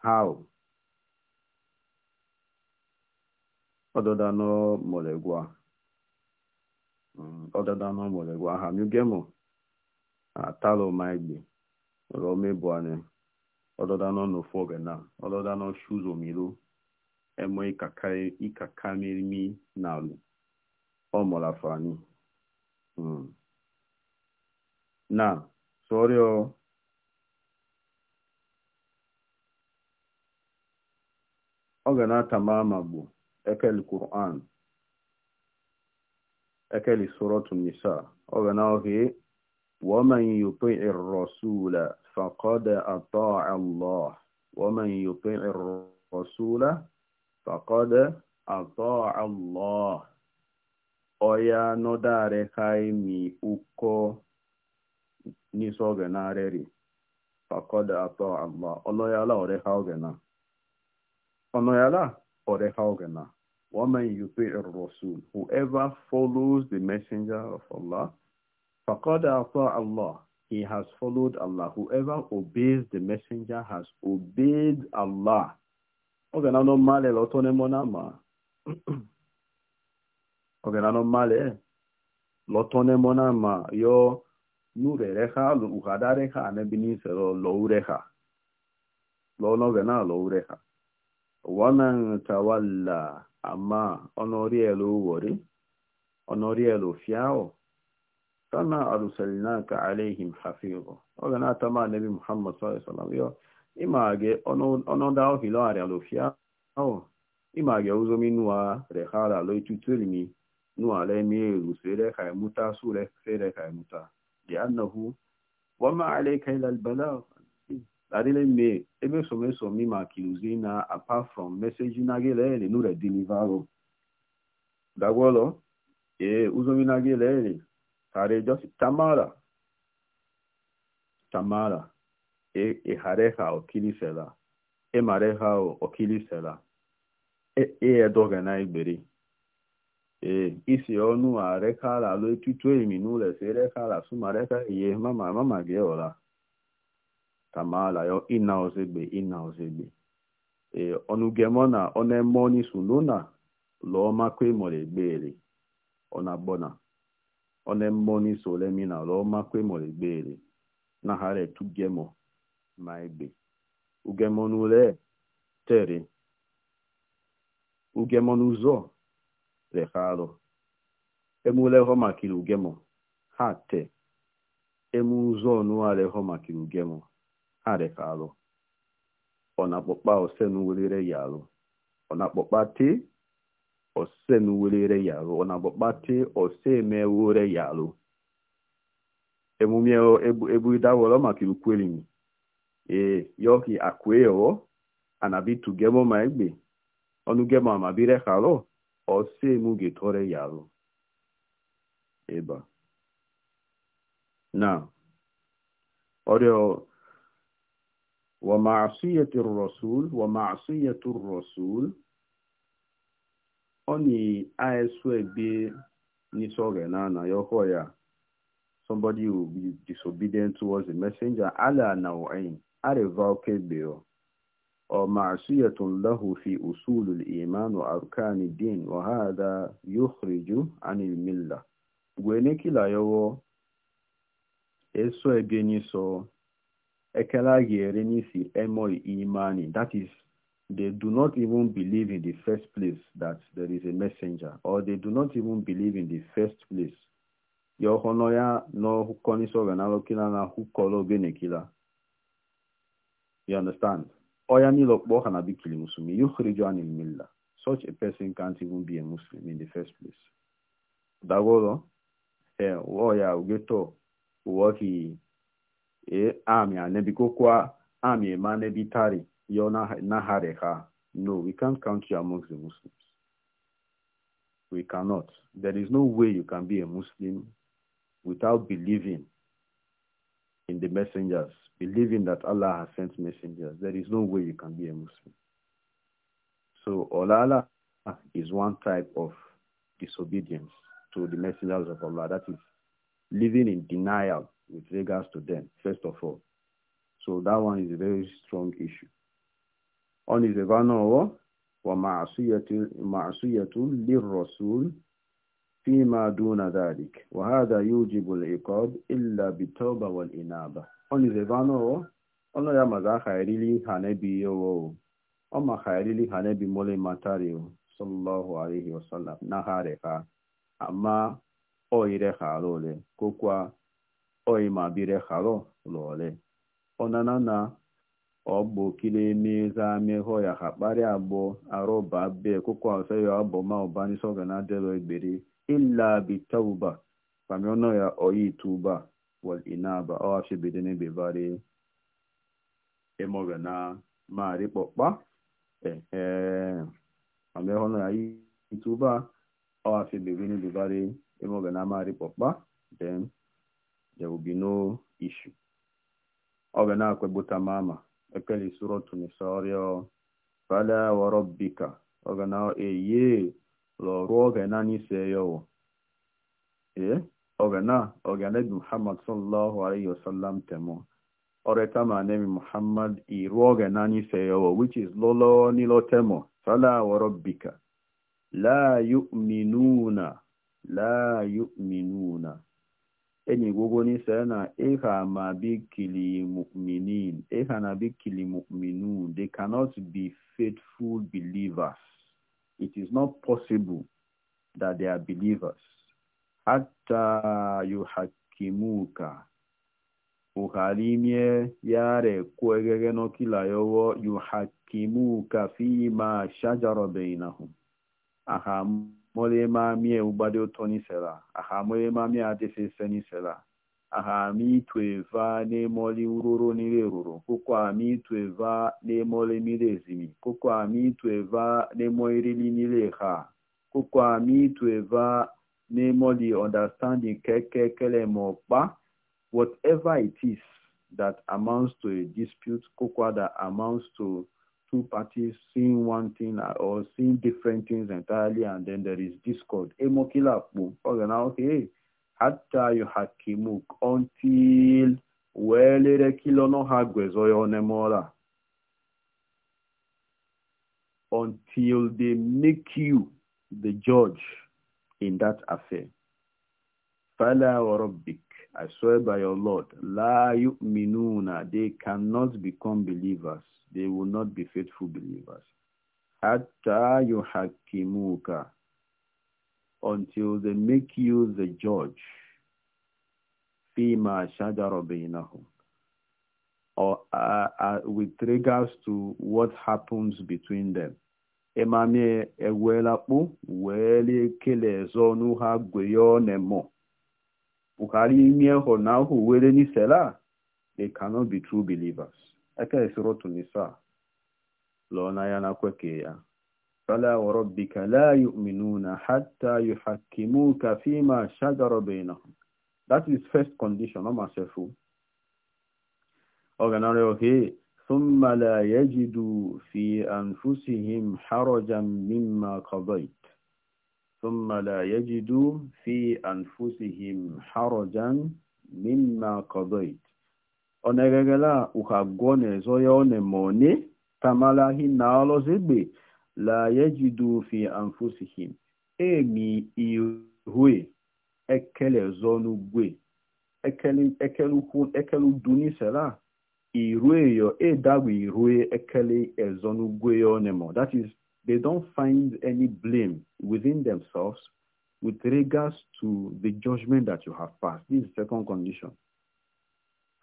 How? Ododano molegwa. Mm, ododano molegwa. Hamugemo. Atalo ah, maigbe. rome buane ododano no fogena ododano shuzo milu emo ikakai ikakamirimi nalu omola fani hmm. na ọ na-asọrị ga sorio ogana tamama bu ekeli quran ekeli suratu nisa na ohi ومن يطع الرسول فقد أطاع الله ومن يطع الرسول فقد أطاع الله أيا ندار خيمي أكو نسوغ ناريري فقد أطاع الله الله يلا أريخاوغنا الله ومن يطع الرسول whoever follows the messenger of Allah Allah. He has followed Allah. Whoever obeys the messenger has obeyed Allah. Oge na normale loto ne monama. Oge na normale loto ne monama yo nurereja lo ugadareja ne binise lo loureja. Lo no gena loureja. Waman tawalla ama onorielo wori onorielo fiao فما أرسلناك عليهم حفيظا أغنى تما نبي محمد صلى الله عليه وسلم يو إما أجي أنو داو هلو عري ألوفيا أو إما أجي أوزو من نوا رخارا لو يتوتلمي نوا لمي رسيري خي موتا سوري خيري خي موتا لأنه وما عليك إلا البلاغ Adele me, ebe some so mi ma kiluzi na apart from message na gele le nure deliver. Dagwolo, e uzo mi na gele le Haré yo Tamara. Tamara. E, e hareja o kilisela. E mareja o, o kilisela. E, e edogena igberi. E, isi onu areka la lo etutu eminule se reka la sumareka ye mama mama geola. Tamara yo ina ozegbe ina ozegbe. E, onugemona onemoni sununa lo makwe mole gbere. Ona bona. one mboni sole mina roma kwe molebele na na-etu hare tugemo maibe ugemonule tere ugemonuzo leharo emuleho makiri ugemo ha te emuzo nuareho makiri ugemo ha leharo ọna akpọkpa alụ. Ọ na akpọkpa tee osenuwelere yalu ọ na-abụ kpate osemewore yalu emume ebuidawolo maka ukwelim ee yoki akweyo anabi tugemo ma egbe ọnụgema ma bire halo osemu getore lo eba na ọrịa ومعصية الرسول ومعصية الرسول oni aswe be nisoge na na ya somebody who be disobedient towards the messenger ala nawain areva kebeo o ma'siyatun lahu fi usul al-iman wa arkan ad-din wa hadha yukhriju 'an al-milla gwene kila yowo eso ebeniso ekela gere nisi emoi imani that is they do not even believe in the first place that there is a messenger, or they do not even believe in the first place. You understand? Such a person can't even be a Muslim in the first place. eh, ugeto, uwaki, eh, ami ami your nahareha. No, we can't count you amongst the Muslims. We cannot. There is no way you can be a Muslim without believing in the messengers, believing that Allah has sent messengers. There is no way you can be a Muslim. So Olala is one type of disobedience to the messengers of Allah. That is living in denial with regards to them, first of all. So that one is a very strong issue. oni zevano o wa ma'asiyatu ma'asiyatu lirrasul fima duna dhalik wa hadha yujibu al-iqab illa bitawba wal inaba oni zevano o ono ya maza khairili hanebi yo o o ma khairili hanebi mole matari o sallallahu alayhi wa sallam na hare ka amma o ire kharole kokwa o imabire kharo lole onana na ọgbọ ogbokilmezameho ya ha kpari abụọ arụba be kụkwase ya ma abụma na delo egbere ịla bita ilabitauba kpamiono ya ọ oyituba walinaba ọghachibide n'egbebari na mari kpọkpa ee amehono ya ituba ọghachibide n'egbebari emogana mari kpọkpa then there will be no issue ọ ga na-akwegbuta mama ekeli suratu nisario fala warabbika ogana eye lo roga nani seyo eh ogana ogana bi muhammad sallallahu alaihi wasallam temo oreta ma nemi muhammad i roga nani seyo which is lolo ni lo temo fala warabbika la yu'minuna la yu'minuna enyi gogo ni sai na iha ma bikili mu'minin iha na bikili mu'minun they cannot be faithful believers it is not possible that they are believers hatta yuhakimuka uhalimie yare kuegege no kila yowo yuhakimuka fima shajara bainahum ahamu mole ma mi ubade otoni sela aha mole ma mi adese seni sela aha mi tueva ne moli uroro ni reroro koko ami tueva ne mole mi rezimi koko mi tueva ne moirili ni leha koko ami tueva ne moli understanding keke kele mo pa whatever it is that amounts to a dispute koko that amounts to two parties seeing one thing or seeing different things entirely, and then there is discord. Emokilapu, okay, hatta hakimuk until welere kilono hagwezoyonemora. Until they make you the judge in that affair. Fala I swear by your Lord, la yu'minuna, they cannot become believers they will not be faithful believers. Hatta yuhakimuka. Until they make you the judge. Fima shadara bainahum. Or uh, uh, with regards to what happens between them. Emame ewelapu weli kele zonu ha gweyo nemo. Bukhari imie na wele ni sela. They cannot be true believers. أكاي suratu النساء لونا yana kwake فلا وربك لا يؤمنون حتى يحكموك فيما شجر بينهم that is first condition of myself. Okay, okay ثم لا يجدوا في أنفسهم حرجا مما قضيت ثم لا يجدوا في أنفسهم حرجا مما قضيت onegegela ukagone zoya onemone tamalahi naolozegbe la yejidu fi anfusihim emi ihue ekele zonugwe ekelu dunisela irue yo edagwe irue ekele ezonugwe onemo that is they don't find any blame within themselves with regards to the judgment that you have passed this is the second condition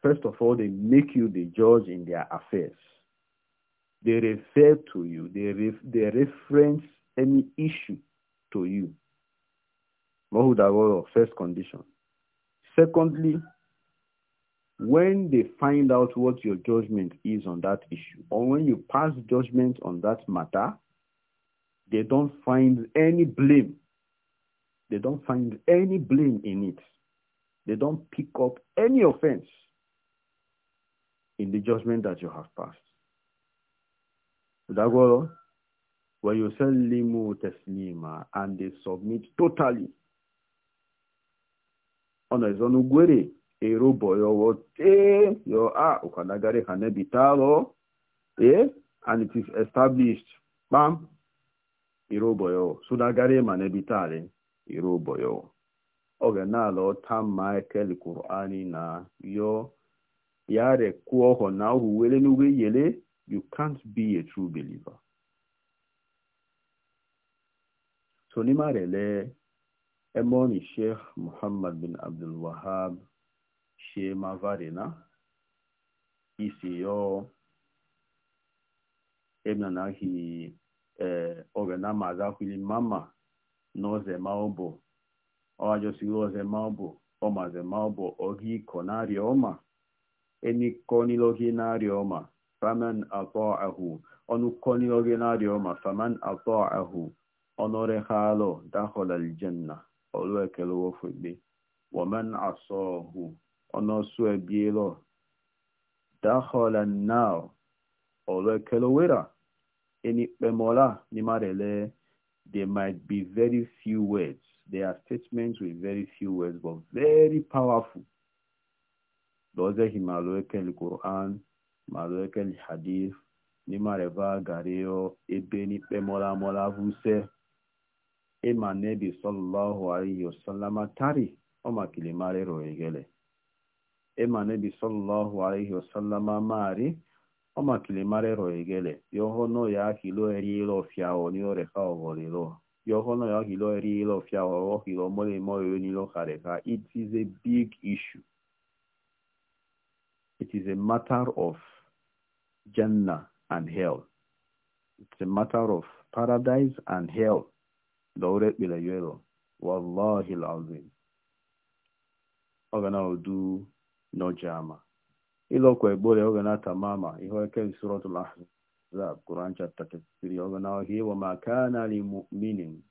First of all, they make you the judge in their affairs. They refer to you. They, they reference any issue to you. Mahudaworo, first condition. Secondly, when they find out what your judgment is on that issue, or when you pass judgment on that matter, they don't find any blame. They don't find any blame in it. They don't pick up any offense in the judgment that you have passed. Dagoro, when you say limu teslima and they submit totally. Ona izonu gwere, ero boyo wote, yo a, ukadagare hanebitalo, eh, and it is established. Bam, ero boyo, sudagare manebitale, ero boyo. Oge na lo tam ma ekeli Qur'ani na yo yare kuoho na uhuwele n'ugwu yele you can't be a true believer so ni eme emoni sheikh muhammad bin abdul wahab she mavarena isi yo emna na hi eh ogena kwili mama noze maobo ọ ajọsighị ọzọ ma ọ bụ ọmazị ọma enikonilogị narị ọma faman atọ ahụ ọnụkonilogị narị ọma faman atọ ahụ ọnọre ha alọ dakọlal janna ọlụ ekele wofegbe waman asọ ọhụ ọnọsụ ebielọ dakọlal naa ọlụ ekele wera enikpemola nimarele there might be very few words. There are statements with very few words, but very powerful. lozehi maluekeli quran maluekeli hadith n'imareva gario ebe n'ikpe molamola vuse ịma e nebi sọlọlọhụ alaihi wasallam tari ọmakili marịrọ egele ịma e nebi sọlọlọhụ ọ wasallam mari ọmakili marịrọ egele yohono ya kilo eri ilo fiao ni orefa ogolilo yohono ya kilo eri ilo fiao ogokilo molimo yo nilo kareka it is a big issue It is a matter of Jannah and hell. It's a matter of paradise and hell. Dauret bilayero. Wallahi al-azim. Ogana odu no jama. Ilokwa ebole ogana tamama. Ihoeke suratul ahzab. Quran chapter 33. Ogana ohi wa makana li mu'minin.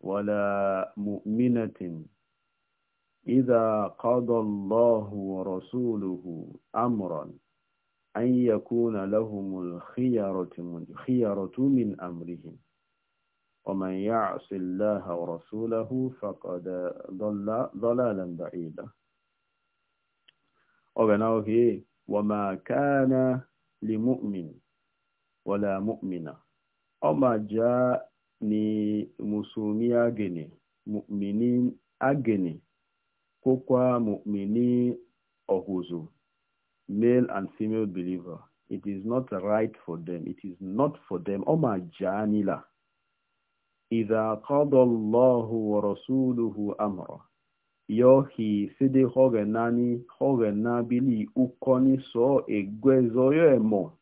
Wala mu'minatin. إذا قضى الله ورسوله أمرا أن يكون لهم من, خيرة من أمرهم ومن يعص الله ورسوله فقد ضل ضلالا بعيدا وبناه وما كان لمؤمن ولا مؤمنة وما جاء لمسومي أجني مؤمنين أجني Kokwa mu'mini ohuzu, male and female believer. It is not right for them. It is not for them. Oma janila. إذا قضى الله ورسوله أمرا yohi sidi hogenani hogenabili ukoni so egwezo yo emo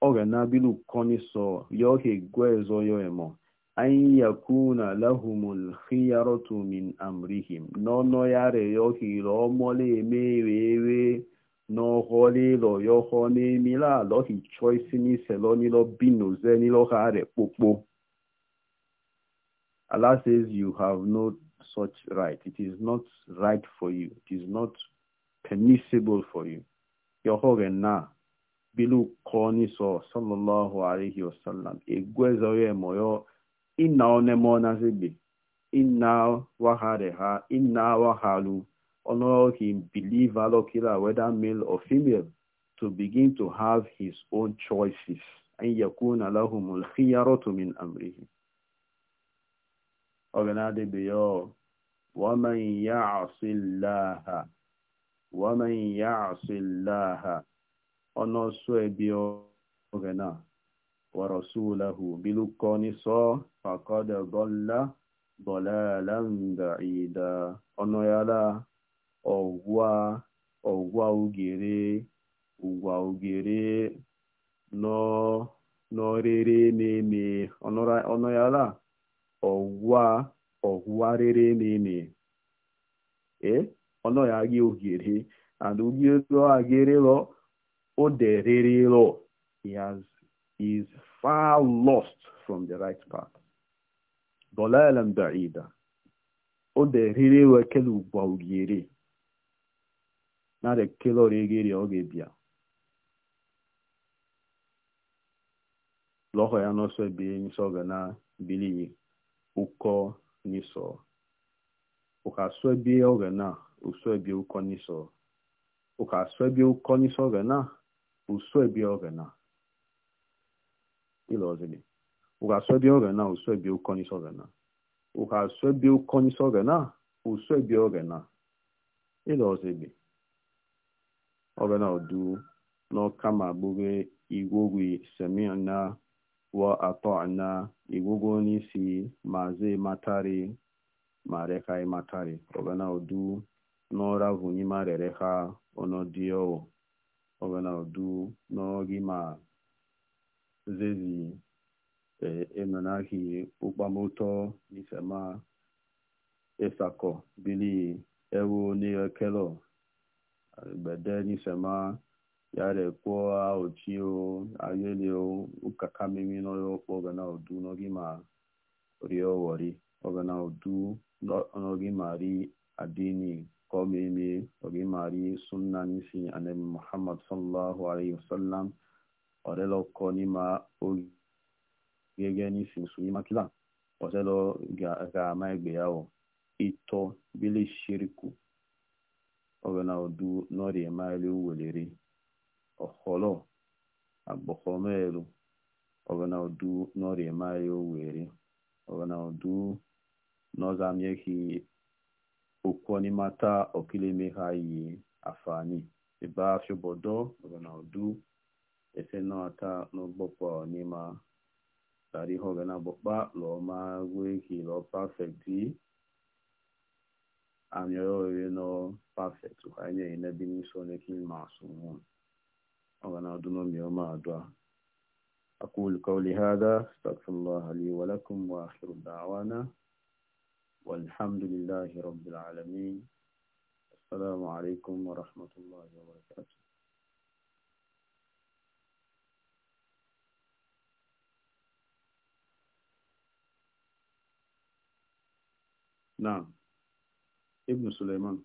hogenabili ukoni so yohi egwezo yo emo an yakuna lahumul khiyaratu min amrihim n'ọnụ ya rịọ hiri ọmọla emewewe n'ọhọlịlọ yọhọ n'emila alọhi choisi n'iselo nilo binoze nilo ha rekpokpo Allah says you have no such right it is not right for you it is not permissible for you yọhọ gị na bilu kọ n'iso sallallahu alaihi wasallam egwezoghị emoyo inaonemonazebe inawahareha inawahalu honoring believe lokila weda male or female to begin to have his own choices an yakuna lahum al-khiyaratu min amrihi oganade biyo ومن يعص الله ومن يعص الله ọnọsọ ebi ogena ورسوله بالقانصة فقد ضل ضلالا بعيدا أنويالا أغوى أغوى أغيري أغوى أغيري نو n'oriri n'ime ọnụ ya ogiri and ugiri lọ agiri lọ is far lost from the right path. ضلالا O ọ deriri wee kele ugwa ugiere na kele ọrụ egeri ọ ga-ebịa lọhọ ya n'ọsọ ebiri nsọ ga na biligi ụkọ n'isọ ụka sọ ebie oge na usọ ebie ụkọ n'isọ ụka sọ ebie ụkọ n'isọ oge na usọ ebie oge na ilozili ugaswebia oghena uswebia ukonis oghena ugaswebia ukonis oghena uswebia oghena ilozili oghena odu n'ọka ma gbughe igwogwi wọ wa atọna igwogwo n'isi mazi matari ma rekai matari oghena odu n'ọra vụnyima ha ọnọdiowo oghena zezi eh, emenahi ụkpamụtọ nifema esako bili ewu ni ekelo gbede nifema yare kwo ochi o ayeli o ukaka mimi no yo kwo gana odu no gi ma ri o wori o gana odu no ma ri adini ko mimi o ma ri sunna nisi anem muhammad sallallahu alaihi wasallam ọ̀rẹ́ lọ kọ́ ní máa orí gẹ́gẹ́ ní ìsìnkú ìmákílà ọ̀sẹ̀ lọ ga àmà ẹgbẹ̀yàwó ìtọ́ bílẹ̀ ṣeríkù ọ̀rẹ́ náà ọdú nọ́ọ̀rì ẹ̀má ẹlẹ́ òwòlérí ọ̀họ́lọ́ àgbọ̀kọ́ mẹ́ẹ̀lú ọ̀rẹ́ náà ọdú nọ́ọ̀rì ẹ̀má ẹlẹ́ òwòlérí ọ̀rẹ́ náà ọdú nọ́ọ̀zàmíẹ́kì òkú ní mata ọ̀kílẹ̀mẹ́ha yìí àfààní ìbá aṣọ́bọ̀dọ́ ọ̀rẹ́ náà ọdú efe nọta n'ụgbọkpọ n'ima tara ihe ogana lo ma gweki lọ pafekt amịọrọre nọ pafekt ka anyị na-enye n'ebe nso n'ekin masụ nwụ ogana dunomiọma adọ أقول قولي هذا استغفر الله لي ولكم وآخر دعوانا والحمد لله رب العالمين السلام عليكم ورحمة الله وبركاته نعم ابن سليمان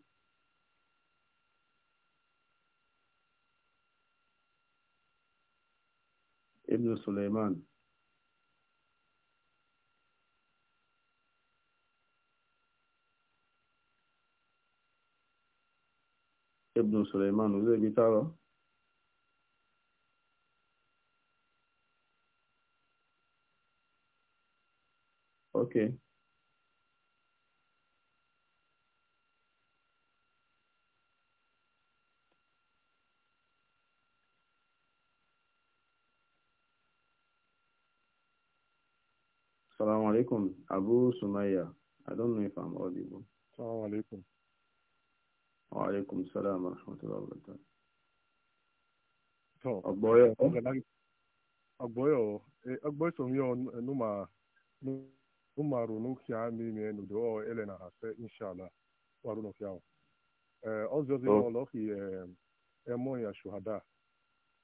ابن سليمان ابن سليمان وزي بيتارو اوكي Assalamu alaikum, Abu Sumaya. I don't know if I'm audible. Assalamu alaikum. Wa alaikum salam wa rahmatullahi wa barakatuh. So, Ogboyo. Ogboyo, eh, Ogboyo Numa Numa Runukia Mimi e Nudo Elena Hase, inshallah. Warunukia. Ọzọzi eh, ọlọ́kì oh. ẹmọ eh, e ìyá ṣùhádà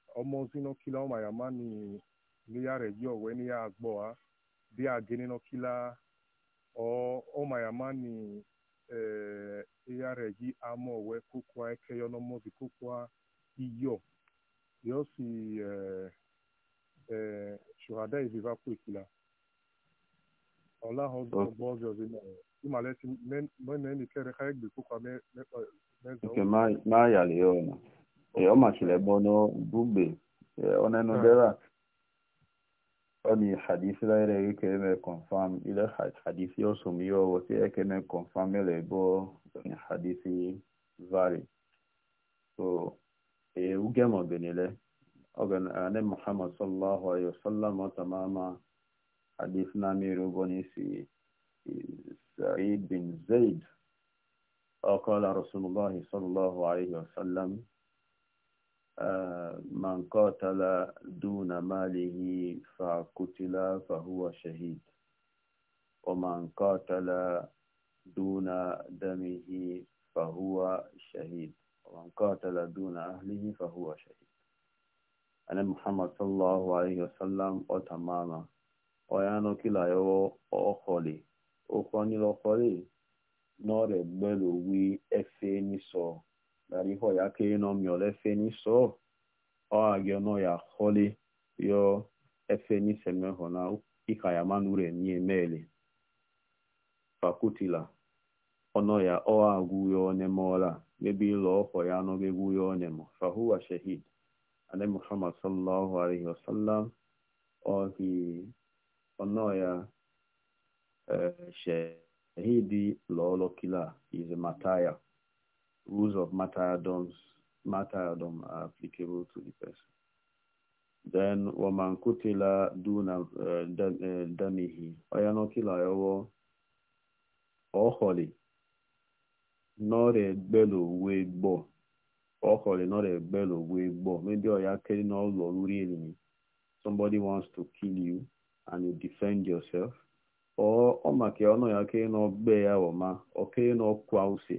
shuhada sínú they are gaining okila or oh my amani eh eyareji amo we kukwa ekeyo no mozi kukwa iyo yo si eh eh shuhada iviva kukila ọzọ hozo bozo zina imaleti men men ni kere egbe kukwa me me zo ke ma ya leona e o ma chile ani hadisi la yɛrɛ ke mɛ confirm ile hadisi yɔ sɔmi yɔ wɔsi yɛ ke mɛ confirm yɛlɛ bɔ ni hadisi vari so ee u gɛmɔ bene lɛ ɔgɛn ne muhammad sallallahu alaihi wa sallam tamama hadisi na mi yɛrɛ bɔ ni si sa'id bin zayd ɔkɔla rasulillahi sallallahu alaihi wa من قاتل دون ماله فقتل فهو شهيد ومن قاتل دون دمه فهو شهيد ومن قاتل دون أهله فهو شهيد أنا محمد صلى الله عليه وسلم وتماما ويانو كلا يو أخولي أخواني لأخولي نور بلوي أفيني سو ariho ya ke no miole feni so o agio no ya holi yo efeni seme hona ika ya manure ni emele fakutila ono ya o agu yo nemola mebi lo ho ya no begu yo nemo fahuwa shahid ane muhammad sallallahu alaihi wasallam o hi ono ya eh shahidi lolo kila is mataya rules of martyrdoms, martyrdom are applicable to the person. Then woman kutila duna eh, eh, damihi oyanokila yowo oholi nọrọ egbelo wee gbọ oholi nọrọ egbelo wee gbọ maybe oya kere n'ụlọ ruru elimi somebody wants to kill you and you defend yourself or ọ maka ọnụ ya kere n'ọgbe ya ọma ọ kere n'ọkwa ose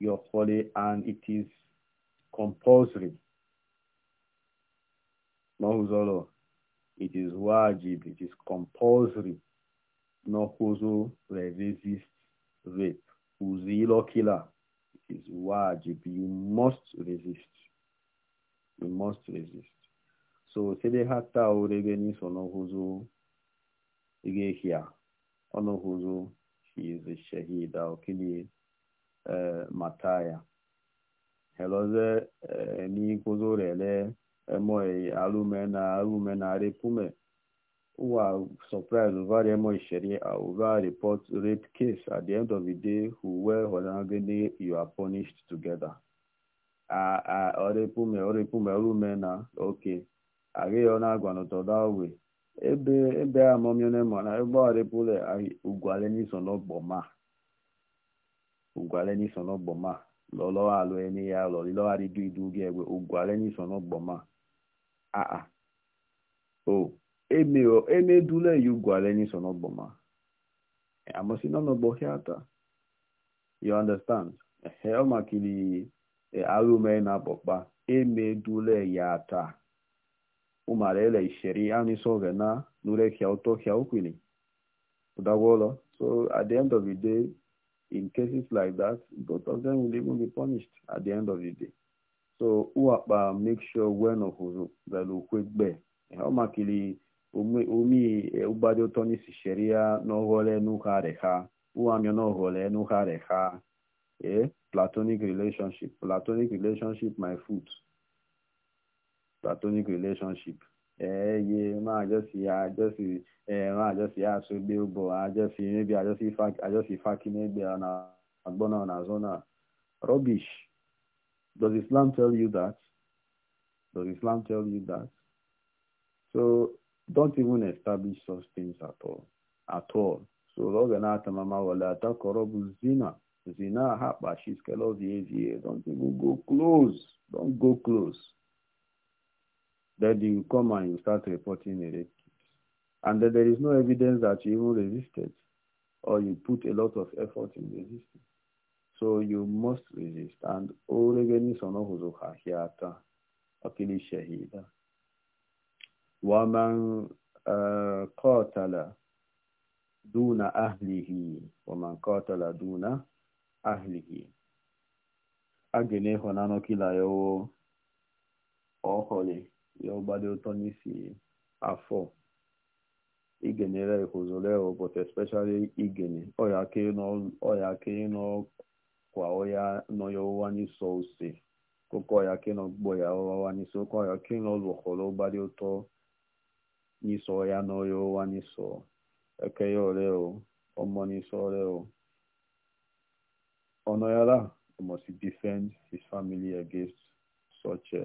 your folly and it is compulsory. Mahuzolo, it is wajib, it is compulsory. No Nohuzo resist rape. Uzilo killer. It is wajib. You must resist. You must resist. So sede hata uregeni sonohuzo igehia. Onohuzo, he is a shahid. shahida. Okay. Eh, mata ya heloze eh, n'igozorele emoyi eh, alume na alume na repume wa surprise over emo isheri over report rape case at the end of the day who were holangene you are punished together orepume orepume alume na okay aghe ona agwanotoda we ebe ebe amomyone mana ebe orepule ugwale niso n'ọgbọma ugwale ni sono boma lo lo ya lo lo ari du du ge we ugwale ni o eme o eme dule yu gwale ni sono boma e amosi no no bohiata you understand e, he o makili e alume na popa eme dule ya ta umarele isheri ani soge na nure kia uto kia ukwini ụlọ so at the end of the day in cases like that, both of them will even be punished at the end of the day. So Uapa make sure when Ohuru Velu Kwekbe. makili Umi eh, Ubadio Tony Sisheria no hole nuhareha. Uamio no hole nuhareha. Eh? Platonic relationship. Platonic relationship my foot. Platonic relationship. eye máa jọ sí àjọ sí ẹ máa jọ sí àṣọgbé ọbọ àjọ sí níbi àjọ sí fákì àjọ sí fákì rubbish does islam tell you that does islam tell you that so don't even establish such things at all at all so lọ́gà náà tamama wọlé àtàkọ̀rọ̀bù zina zina hapa she's kelọ́ zie zie don't even go close don't go close. Then you come and you start reporting it. And then there is no evidence that you even resisted or you put a lot of effort in resisting. So you must resist. And Oregeni Sonohuzo Hahiata Akili Shahida. ومن قاتل دون أهله ومن قاتل دون أهله أجنه نانو كلا Oh holy. ya ọgbadị ụtọ n'isi afọ igenere ihụzụle but especially igene ke aka ịnọ kwa ọya nọya ụwa n'isọ ose kókó ọya kí nọ gbọ ya ọwa n'isọ kókó ọya kí nọ lọkọlọ ọgbadị ụtọ n'isọ ọya nọya ụwa n'isọ eke ya ọrẹ o ọmọ n'isọ ọrẹ o ọnọyala must defend his family against such a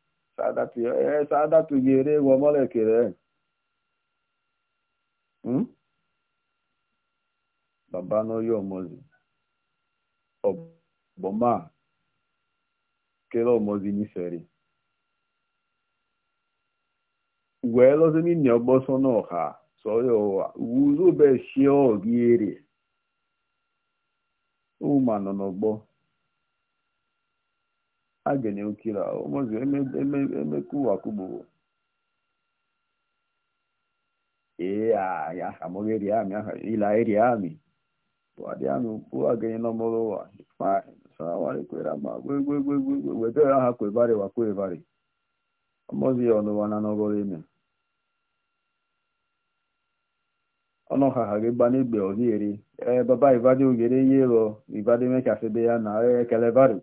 Sadatu ya ee eh, Sadatu ga-ere ekele. Hmm? Baba n'oyi ọmọzi. Ọbọma kele ọmọzi n'ifere. Wee lọzi n'inye ọgbọsọ n'ọha sọrọ ụwa wuzu be shie ọ ere. Ụmụ anọ n'ọgbọ. agene ukira umazi eme eme eme kuwa kubu ya ya hamogeri ami aha ila eri amị wadi ami ku agene no molo wa fa sawa ri kwera ma gwe gwe gwe gwe gwe de aha kwe bare wa kwe bare umazi ono wana no gorime ọnụ ha ha gị gbanegbe ozi eri ee baba ivadi ogere ihe ro ivadi mekasebe ya na ekele baru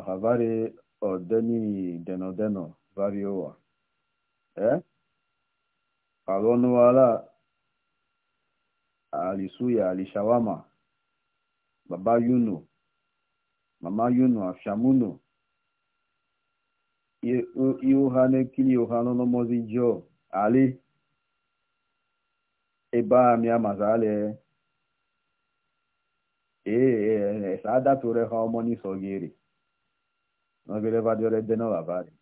akavari odeni denodeno variowa eh alonuwala alisuya alishawama baba yuno mama yuno afshamuno iuhane kili uhanonomozi jo ali eba mi amazale ee ẹ̀sà dátò rẹ̀ ha ọmọ ní وقال فاديو لدينا وفادي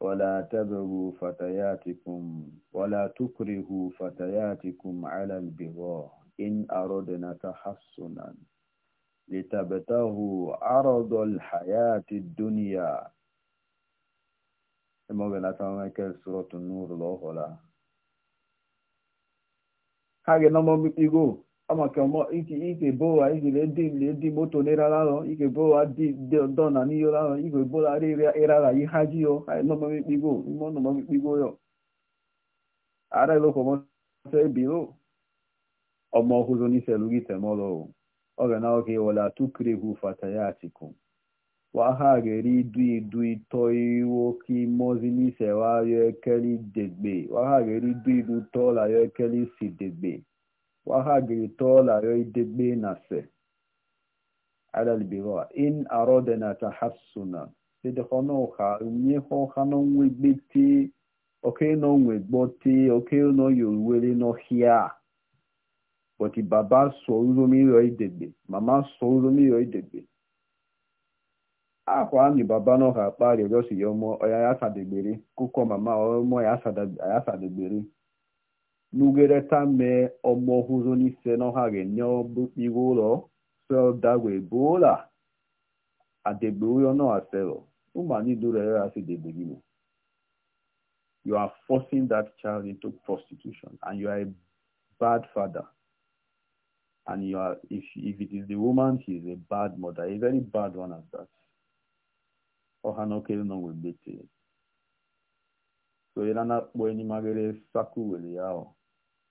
ولا تبغوا فتياتكم ولا تكرهوا فتياتكم على البغاء إن أردنا تحصنا لتبتغوا عرض الحياة الدنيا المغنى تمامك سورة النور الله هاجي نمو بيقول amaka ikebowa igeedimedi moto n'ịrararọ ikebowa dọna n'iyorarọ igwe bolarị ịrara ihajiyo nomamikpigo mọnomamikpigo yo ara ilokomọsọ ebiro ọmọ ọhụzọ n'iselu gị temọlọ oge na oge wala tukrihu fatayatikum waha gari idu idu ito iwo ki mozi n'isewa yo ekeli degbe waha gari idu idu tola yo ekeli si degbe wagagiditɔ la yọ edegbe na se ala edegbe in arọ dene atahasuna edegbɔ nọ ɔha onye hɔhanyɔ nnwụ egbe tii oke n'ɔnwụ egbɔ tii oke n'oyogbu wele n'oxia oti baba sọ ụlọ mmiri ọ edegbe mama sọ ụlọ mmiri ọ edegbe akwa ni baba nọ ha akpa adịgọsi ya ya sa adegberi mama ọ ya sa adegberi. nugereta mee ọgbọ hụrụ n'ise n'ọha ga-enye iwu ụlọ sọdagwe bụla adegbeoyo náà sẹlọ umanidurere asidebegimo you are forcing that child into prostitution and you are a bad father and you are if if it is the woman she is a bad mother a very bad one at that ọhanokele nọ wee gbete so ịlana kpọọ enyi magere sakụ were ya ahụ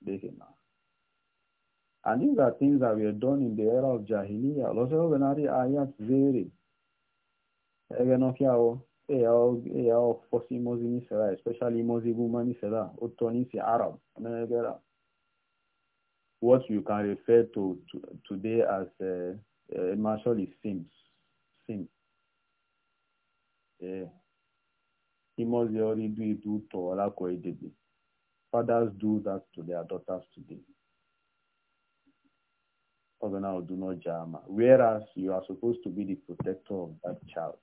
بهما And these are things that were done in the era of Jahiliyyah. Lọ́sọ̀rọ̀ bẹ̀rẹ̀ náà rí ayat zèrè. Ẹgbẹ́ náà kí àwọ̀ ẹ̀yà ọ̀ fọ́ sí mọ́sí ní sẹ́ra, especially mọ́sí gúnmọ́ ní sẹ́ra, ó tọ́ ní sí Arab, Amẹ́rẹ́gẹ́ra. What you can refer to, to today as uh, eh, uh, eh, martial is Sims. Sims. Yeah. Imọ́sí ọrí bí ìdú tọ̀ ọlákọ̀ ìdèdè. Fathers do that to their daughters today. do not Whereas you are supposed to be the protector of that child.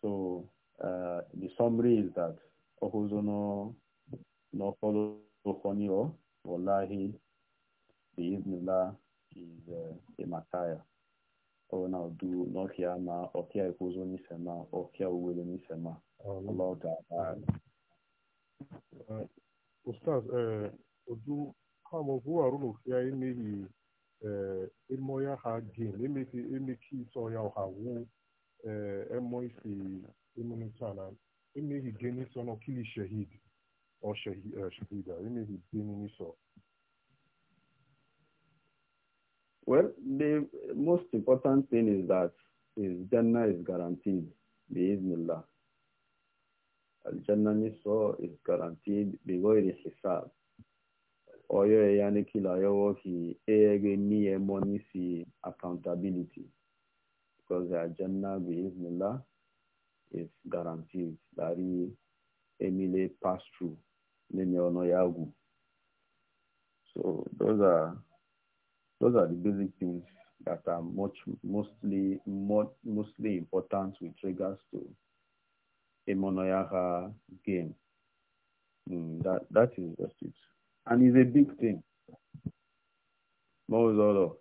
So uh, the summary is that Ohozono no follow Okonio, Wallahi, the Iznillah is uh, a Messiah. Ogonao do not jama, Okia Ohozonisema, Okia Uwelenisema. Allah Ta'ala. Uh, Ustaz, otu hamụgụ arụlụ ya emeghị ịmọ ya ha gem emeki ịtọ ya ha ọha wu ẹmọ isi emunuta na emeghị gem ịsọ nọ kili shahid ọ shahida uh, emeghị gem ịsọ. Well, the most important thing is that is Jannah is guaranteed, bi iznillah. Aljanna Niso is guaranteed بغير حساب. Oyo yani kila yowo ki eege niye money si accountability. Because the Aljanna biiznillah is guaranteed. Dari emile pass through. Nene ono yagu. So those are those are the basic things that are much mostly more, mostly important with regards to Emonoyaha game. Mm, that that is just it. And it's a big thing. Mozolo.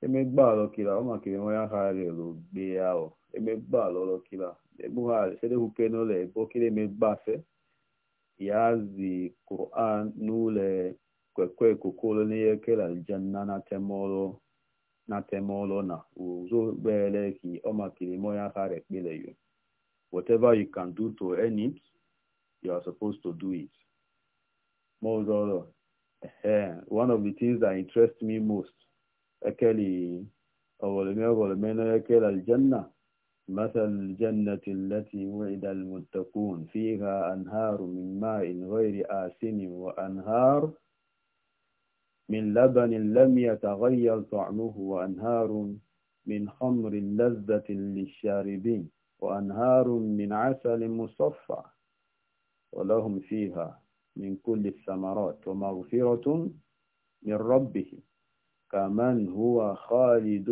Emegba alokila, ọma kiri nwa ya hara elu gbe ya o. Emegba alolokila. Ebuhari, sede huke n'ụlọ ebo emegba fe. Ya zi Quran n'ụlọ kwekwe kokolo n'ihe kela janna na temolo na temolo na uzo gbere ki ọma kiri nwa ya hara ekpele yo. whatever you can do to earn it, you are supposed to do it. Most of the, uh, one of the things that interests me most, مثل الجنة التي وعد المتقون فيها أنهار من ماء غير آسن وأنهار من لبن لم يتغير طعمه وأنهار من خمر لذة للشاربين وأنهار من عسل مصفى ولهم فيها من كل الثمرات ومغفرة من ربهم كمن هو خالد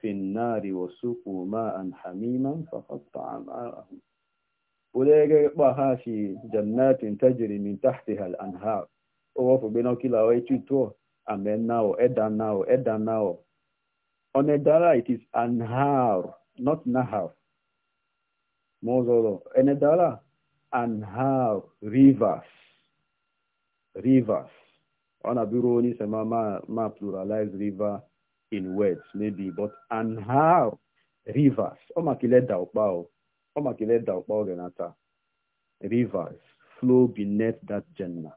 في النار وسقوا ماء حميما فقطع معهم أولئك في جنات تجري من تحتها الأنهار ووفوا بنا كلا ويتوتوا أمين ناو إدا ناو On a it is anhar, not nahar. mozoro enedala and how rivers rivers onabiro only ma ma pluralize river in words maybe but and how rivers omakile daokpao omakile daokpao genata rivers flow beneath that jannah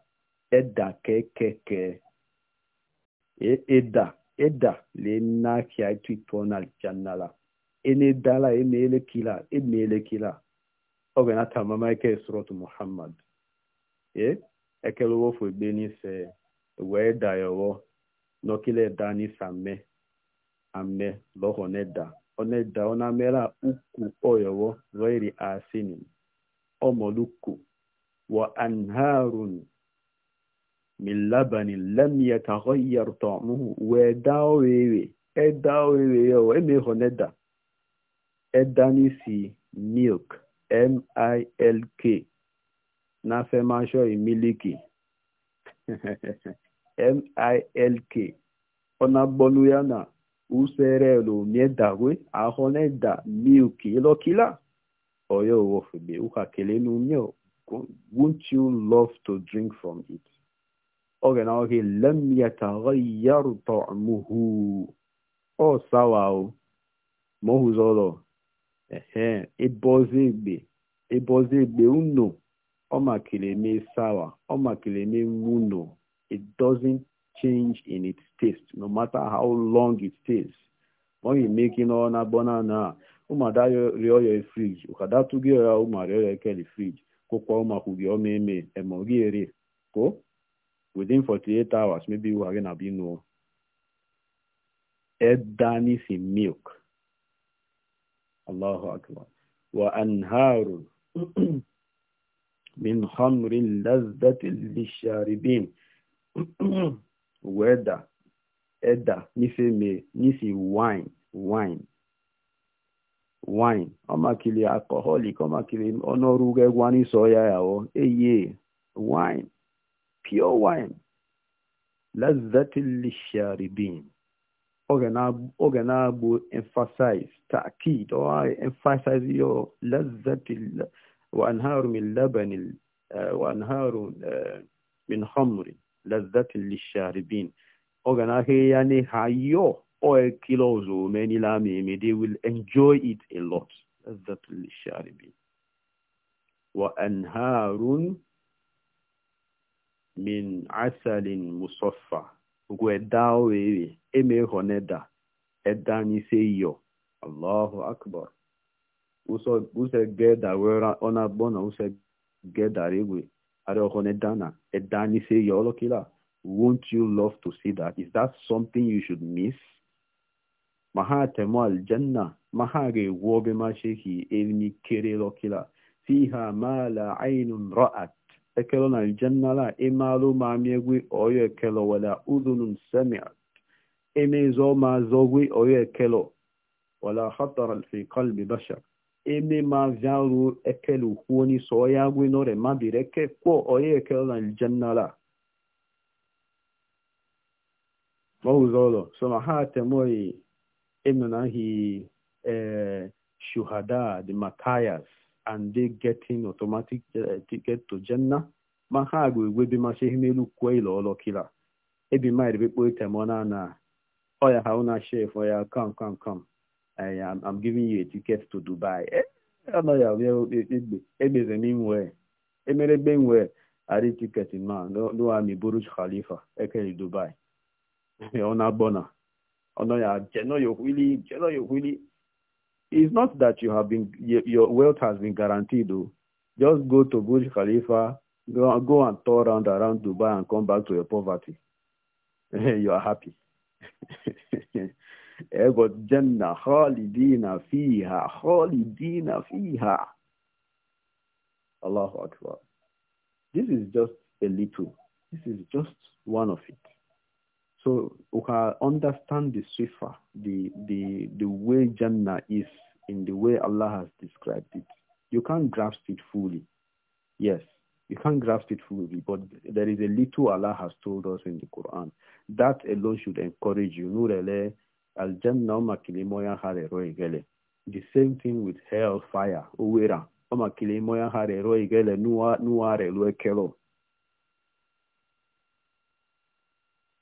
eda ke eda eda le na kia tuipona jannah la ene dala emele kila emele kila ogena tamama eke surat muhammad e ekelowo fo gbe ni se we dayowo nokile dani same ame loho neda oneda ona mera uku oyowo ghairi asinin omoluku wa anharun min labanin lam yataghayyar ta'muhu wa dawewe e dawewe yo e me honeda edanisi milk m-i-l-k na fẹ́ máa ṣọ́ m-i-l-k [LAUGHS] ọ̀nà gbọ́lúyánà userelo miedagwe ahoneda milk ilokila oyo wofube ukakelenu mio won't you love to drink from it oge na oge lem yataghayyar ta'muhu o sawa o mohuzolo ehe ịbọzi egbe ịbọzi unu ọmakileme sawa ọmakileme wuno it doesn't change in its taste no matter how long it stays when you make it on a. ụmụada rịọ ya e frij ụkada tụgị ya ụma rịọ ya e kele frij kwụkwa ụmakwụ gị ọma eme eme gị ere ko within 48 hours maybe you are gonna be no egg milk Allahu akbar wa anharu [CLEARS THROAT] min khamrin lazzatin lisharibin wẹ́dà ẹ̀dà nífẹ̀mẹ̀ nífi wine wine wine ọmọkìlì alcoholic ọmọkìlì ọ̀nọ́rùgẹ́gbọ́n ní sọ́yà yàwó eye wine pure wine lazzatin lisharibin will emphasize ta'kid or I emphasize your lazzatil وأنهار من لبن وأنهار من خمر لذة للشاربين organa yani hayo or kilos or many lami they will enjoy it a lot لذة للشاربين وأنهار من عسل مصفى gwedao wewe emehoneda edaniseyo allahu akbar usegeda wera ona bona usegedara igwe areohonedana edaniseyo olokila won't you love to see that is that something you should miss maha temo aljanna maha ga-ewu obemachehi enikere lokila fiha ma la ainun ra'at ekele na aljanna la imalu e ma miegwi oyo ekelo wala udhunun sami'at emezo ma zogwi oyo ekelo wala khatara fi qalbi bashar eme ma vyaru ekelu huoni so gwi nore ma bireke ko oyo ekelo na aljanna la mawzolo soma hate moi emna hi eh, shuhada di makayas and they getting automatic eh, ticket to Jannah ma ha agwa egwe bi ma shehi melu kwa ilo olo kila ebi ma iribe kpo ite na na oh ya how na share for ya come come come am eh, I'm giving you a ticket to Dubai eh ya we egbe egbe ze emere e gbe nwe ari ticket ma no no ami Burj Khalifa eke Dubai ona mm-hmm. bona ọnọ ya jeno yo hwili jeno It's not that you have been, your wealth has been guaranteed. Though. Just go to Burj Khalifa, go, go and tour around around Dubai and come back to your poverty. [LAUGHS] you are happy. [LAUGHS] Eh, but Jannah, fiha, fiha. Allahu Akbar. This is just a little. This is just one of it. So we can understand the sifa, the, the, the way Jannah is in the way Allah has described it. You can't grasp it fully. Yes, you can't grasp it fully, but there is a little Allah has told us in the Quran. That alone should encourage you. Al-Jannah The same thing with hellfire, uwera.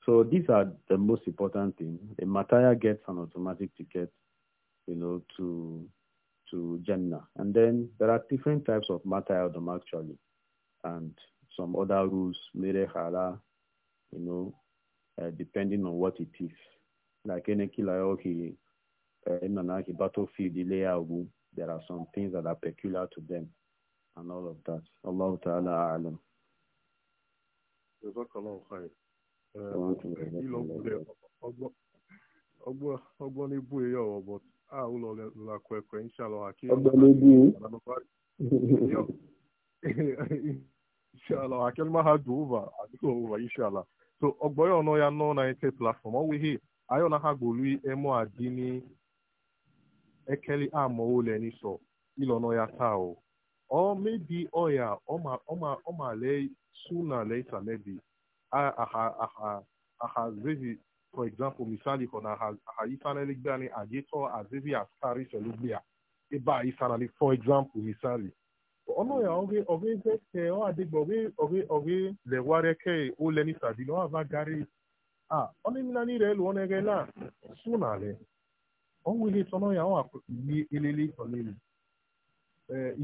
So these are the most important thing. The Mataya gets an automatic ticket, you know, to to Jannah. And then there are different types of Matayadom actually, and some other rules, Merehara, you know, uh, depending on what it is. Like Enekilayoki, uh, Enanaki, Battlefield, Ileagu, there are some things that are peculiar to them and all of that. Allah Ta'ala A'lam. ọgbọ́n n'ibu ya ọ bụ a ụlọ la kwekwe inshallah haki ụva adịghị ụva so ọgbọ́n ya ọnụ ya nọ na ete platform ọwụ ihe ayọ na ha gbolu emo adị ekeli n'iso ya taa o mebi oh ọya ahazizi for example misali na kona ahaisanali gbe ani ajeto azizi askari selugbe a ebe a isanali for example misali ọnụ ya oge oge zeke ọ adịgba oge oge oge leware ke ole nisa dị na ọva gari a ọnụ mina n'ire elu ọnụ ege na sunale ọnwụ ihe tọnọ ya ọ akpọkpili elele tọnili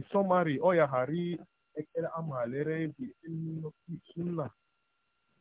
isọmari ọ ya hari ekele ama lere ebi nnukwu sunna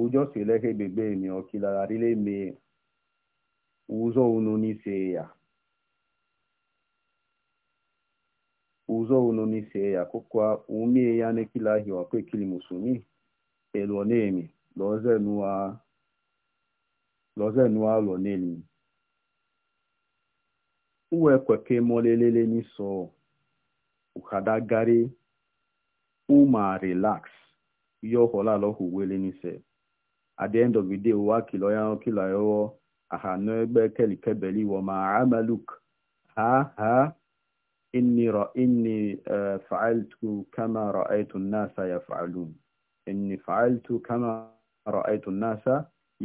ụjọ si elehe bebe eme ọkilararịla eme uzo unu n'ise ya ụzọ unu n'ise ya kụkwa ume ya n'ekilahi ọkwekili musumi elu na-eme lọzenua lọ mi uwe kweke mọlelele n'iso ukadagari uma relax yo hola lo huwele se at the end of the day wa kìlọ̀ ya kìlọ̀ ayọ́wọ́ àhànú ẹgbẹ́ kẹ́lìkẹ́bẹ̀lì wọ́n máa amaluk ha ha inni rọ inni fa'altu kama ra'aytu nasa yaf'alun inni fa'altu kama ra'aytu nasa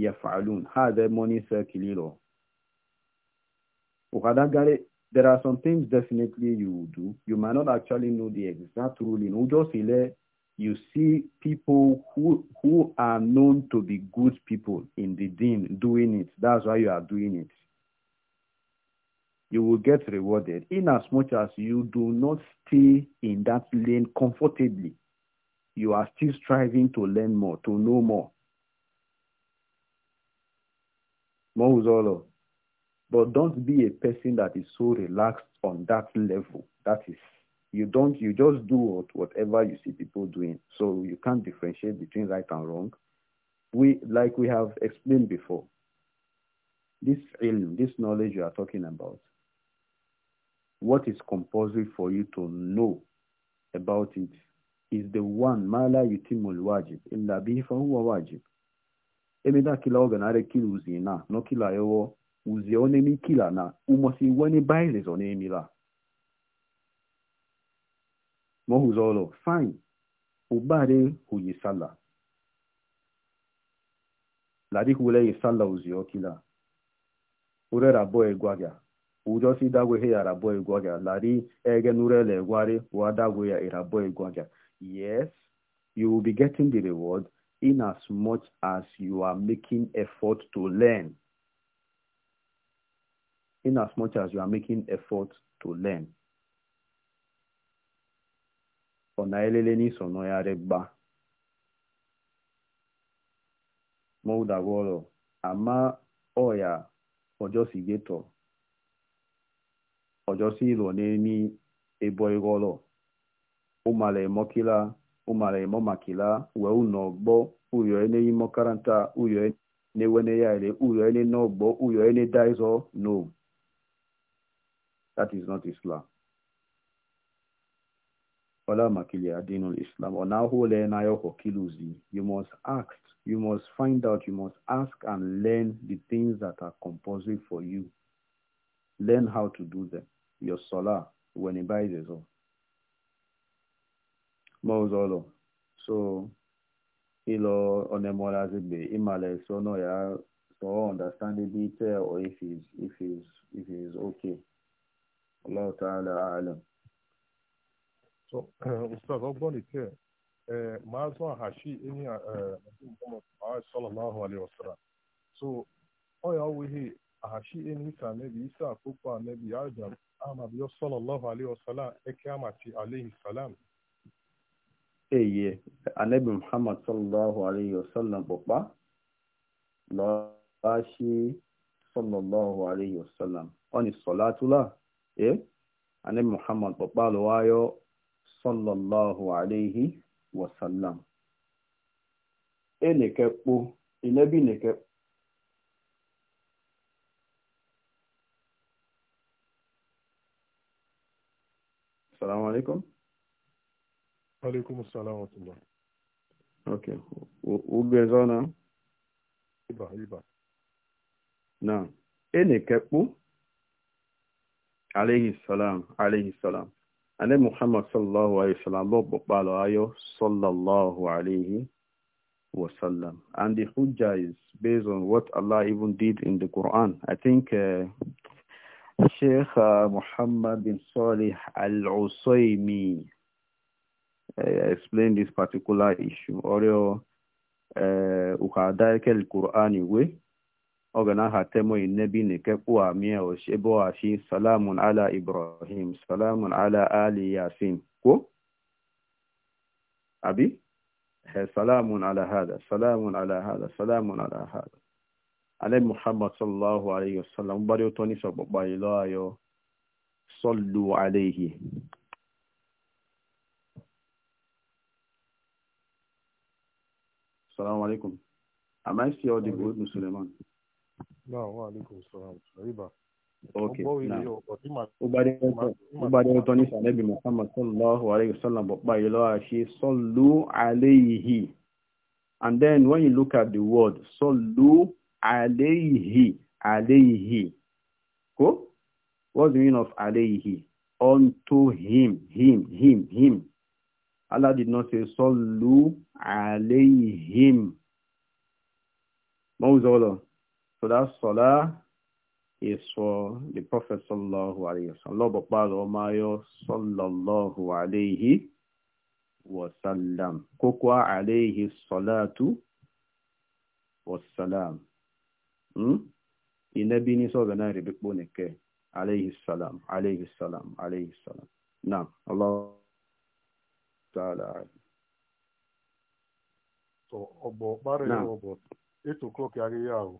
yaf'alun hadha money circle lo ukadagare there are some things definitely you do you may not actually know the exact ruling ujo sile you see people who who are known to be good people in the deen doing it. That's why you are doing it. You will get rewarded in as much as you do not stay in that lane comfortably. You are still striving to learn more, to know more. Mozolo. But don't be a person that is so relaxed on that level. That is you don't, you just do what, whatever you see people doing. So you can't differentiate between right and wrong. We, like we have explained before, this ilm, this knowledge you are talking about, what is compulsory for you to know about it is the one ma yutimul wajib illa bihi fa huwa wajib emeda kila oge na rekila na no kila ewo uzi one mi kila na umosi weni bailes one emila mo mohuzolo fine ubare huyisala larihule yisala uziokila ure rabo egwaga ujo si dagwehe ya rabo egwaga lari ege nurele egwari wadagwe ya irabo egwaga yes you will be getting the reward in as much as you are making effort to learn in as much as you are making effort to learn ọ na-elele n'iso n'ọgharị gba mọdagwọrọ ama ọya ọjọsi geto ọjọsi ilo n'emi ebo ịghọrọ ụmara emokila ụmara emomakila wee ụnọ gbọ uyo ene imokaranta uyo ene wene ya ere uyo ene n'ọgbọ uyo ene daizọ no that is not islam Allah Makili Adinul Islam. Ona na yoko Kiluzi. You must ask, you must find out, you must ask and learn the things that are compulsory for you. Learn how to do them. Your salah, when it buys is all. Mozolo. So, ilo onemola zigbe, imale no ya, so understand the detail or if it's, if it's, if it's okay. Allah Ta'ala A'lam. So, uh, Ustaz, ọ bụrụ nke ma azụ ahachi enyi a sallallahu alaihi wasallam. So, ọ ya wụghị ahachi enyi isa nebi isa akpụkpọ a nebi adam amabiyọ sallallahu alaihi eke amachi alaihi Eye, eh, anabi Muhammad sallallahu alaihi wasallam kpọkpa lọ́wọ́ṣí sallallahu alaihi wasallam. Ọ ni eh? Anabi Muhammad sallallahu alaihi wasallam enekekpo inebi neke assalamu alaikum alaikum assalam wa rahmatullah okay ubezona iba iba na enekekpo alaihi salam alaihi salam ale muhammad sallallahu alayhi wa sallam bo bokbalo ayo sallallahu alayhi wa sallam and the hujjah is based on what allah even did in the quran i think uh, Sheikh uh, Muhammad bin Salih Al-Usaymi uh, explained this particular issue. Ọ̀rẹ́ ọ, Ukadaike al ogana ha temo innebi ne kepo amie o shebo ashi salamun ala ibrahim salamun ala ali yasin ko abi he salamun ala hada salamun ala hada salamun ala hada ale muhammad sallallahu alayhi wasallam bari to ni so gbogbo ilo ayo sallu alayhi assalamu alaikum am i still audible musliman náà wà lẹ́kọ̀ọ́ sọ̀rọ̀ àríbà. ok náà ó ní sàlẹ́bí muhammad sallallahu alayhi wa sallam bọ̀ pa ìlọ́ àṣẹ sallu alayhi and then when you look at the word sallu alayhi alayhi ko what's the meaning of alayhi unto him him him him Allah did not say sallu alayhim. Mawzala. So that salah is for the Prophet sallallahu Alaihi Wasallam. sallam. Lọ́bọ̀ pààrọ̀ ọmọ ayọ́ sallallahu alayhi wa sallam. Alaihi salatu wa salam. Ìnẹ́bí hmm? ní sọ̀rọ̀ náà rèébí pò nìkẹ́. Alayhi salam, Alaihi salam, alayhi salam. Naam, Allah ta'ala. So, ọ̀bọ̀, bárẹ̀ ọ̀bọ̀, 8 o'clock yàrí yàrá.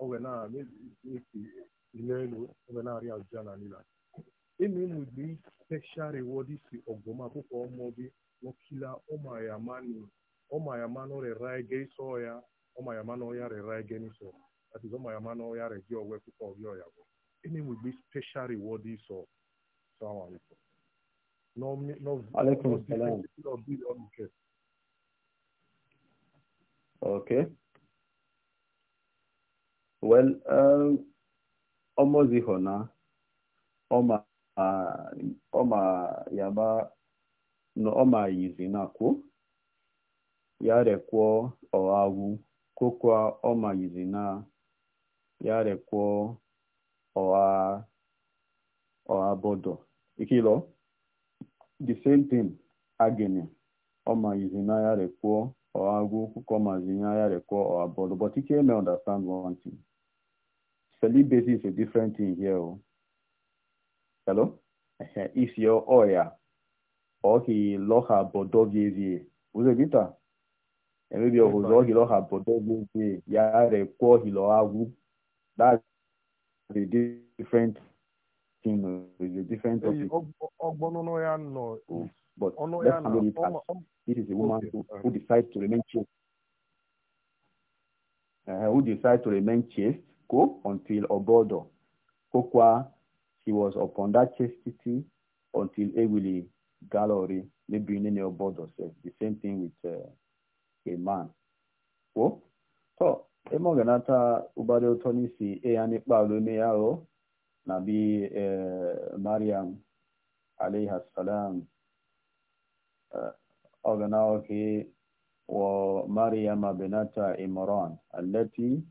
ɔwɛna ne esi ilẹnu ɔwɛna ari azana nila emi nu bi special reward si ɔgbɔma koko ɔmɔ bi wɔkila ɔma ayama ni ɔma ayama na ɔrɛ ra ege sɔ ya ɔma ayama na ɔya rɛ ra ege ni sɔ that is ɔma ayama na ɔya rɛ di ɔwɛ koko ɔbi ɔya bɔ emi nu bi special reward sɔ sɔ awon alekun. aleykum salaam. okay. well um, ọmọzi hụ na ọma yaba na ọma yizi na ya rekwọ ọhawu kokwa ọma yizi na ya rekwọ ọha ọhabodo ikilo the same thing agene ọma yizi na ya rekwọ ọhawu kokwa ọma yizi na ya rekwọ ọhabodo but ike me understand one thing Celibacy is a different thing here. Oh. Hello? If your oya or he lock her loha bodogezie. Was it guitar? And maybe your huzor he loha bodogezie. Ya requo he loagu. That's a different thing. Oh. It's a different topic. Oh, but let's handle it as this is a woman who, who decides to remain chaste. Uh, who decides to remain chaste Ko until Obodo. Kokwa, she was upon that chastity until Ewili Gallery, maybe in any Obodo says. The same thing with uh, a man. Ko? So, emo ganata ubade otoni si e ani eme ya yawo nabi bi uh, Mariam alayhi salam uh, ogana oke wa Mariam binata Imran allati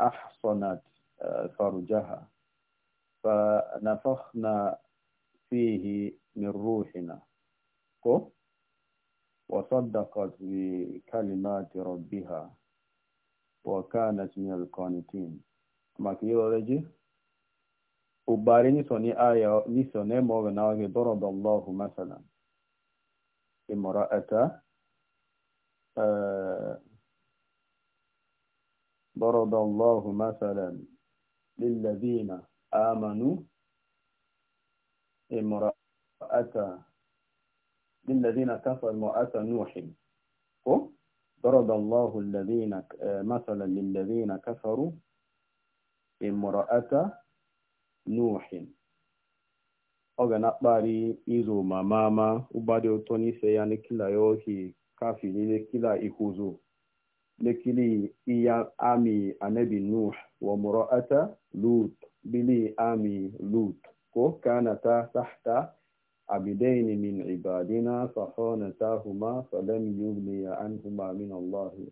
أحصنت آه، فرجها فنفخنا فيه من روحنا وصدقت بكلمات ربها وكانت من القانتين ما كيولوجي ubari nisoni aya nisone mowe nawe daraba Allahu masalan imra'ata uh, ضرب الله مثلا للذين آمنوا امرأة للذين كفروا امرأة نوح ضرب الله الذين مثلا للذين كفروا امرأة نوح ọ na-akpari izo ma mama ụgbadị ụtọ n'ise ya n'ekila ya ohi kafi n'ile kila لكلي إيا آمي أنبي نوح wa لوط بلي آمي لوط وكانتا ko kanata عبدين من عبادنا فخانتاهما فلم يغني عنهما من الله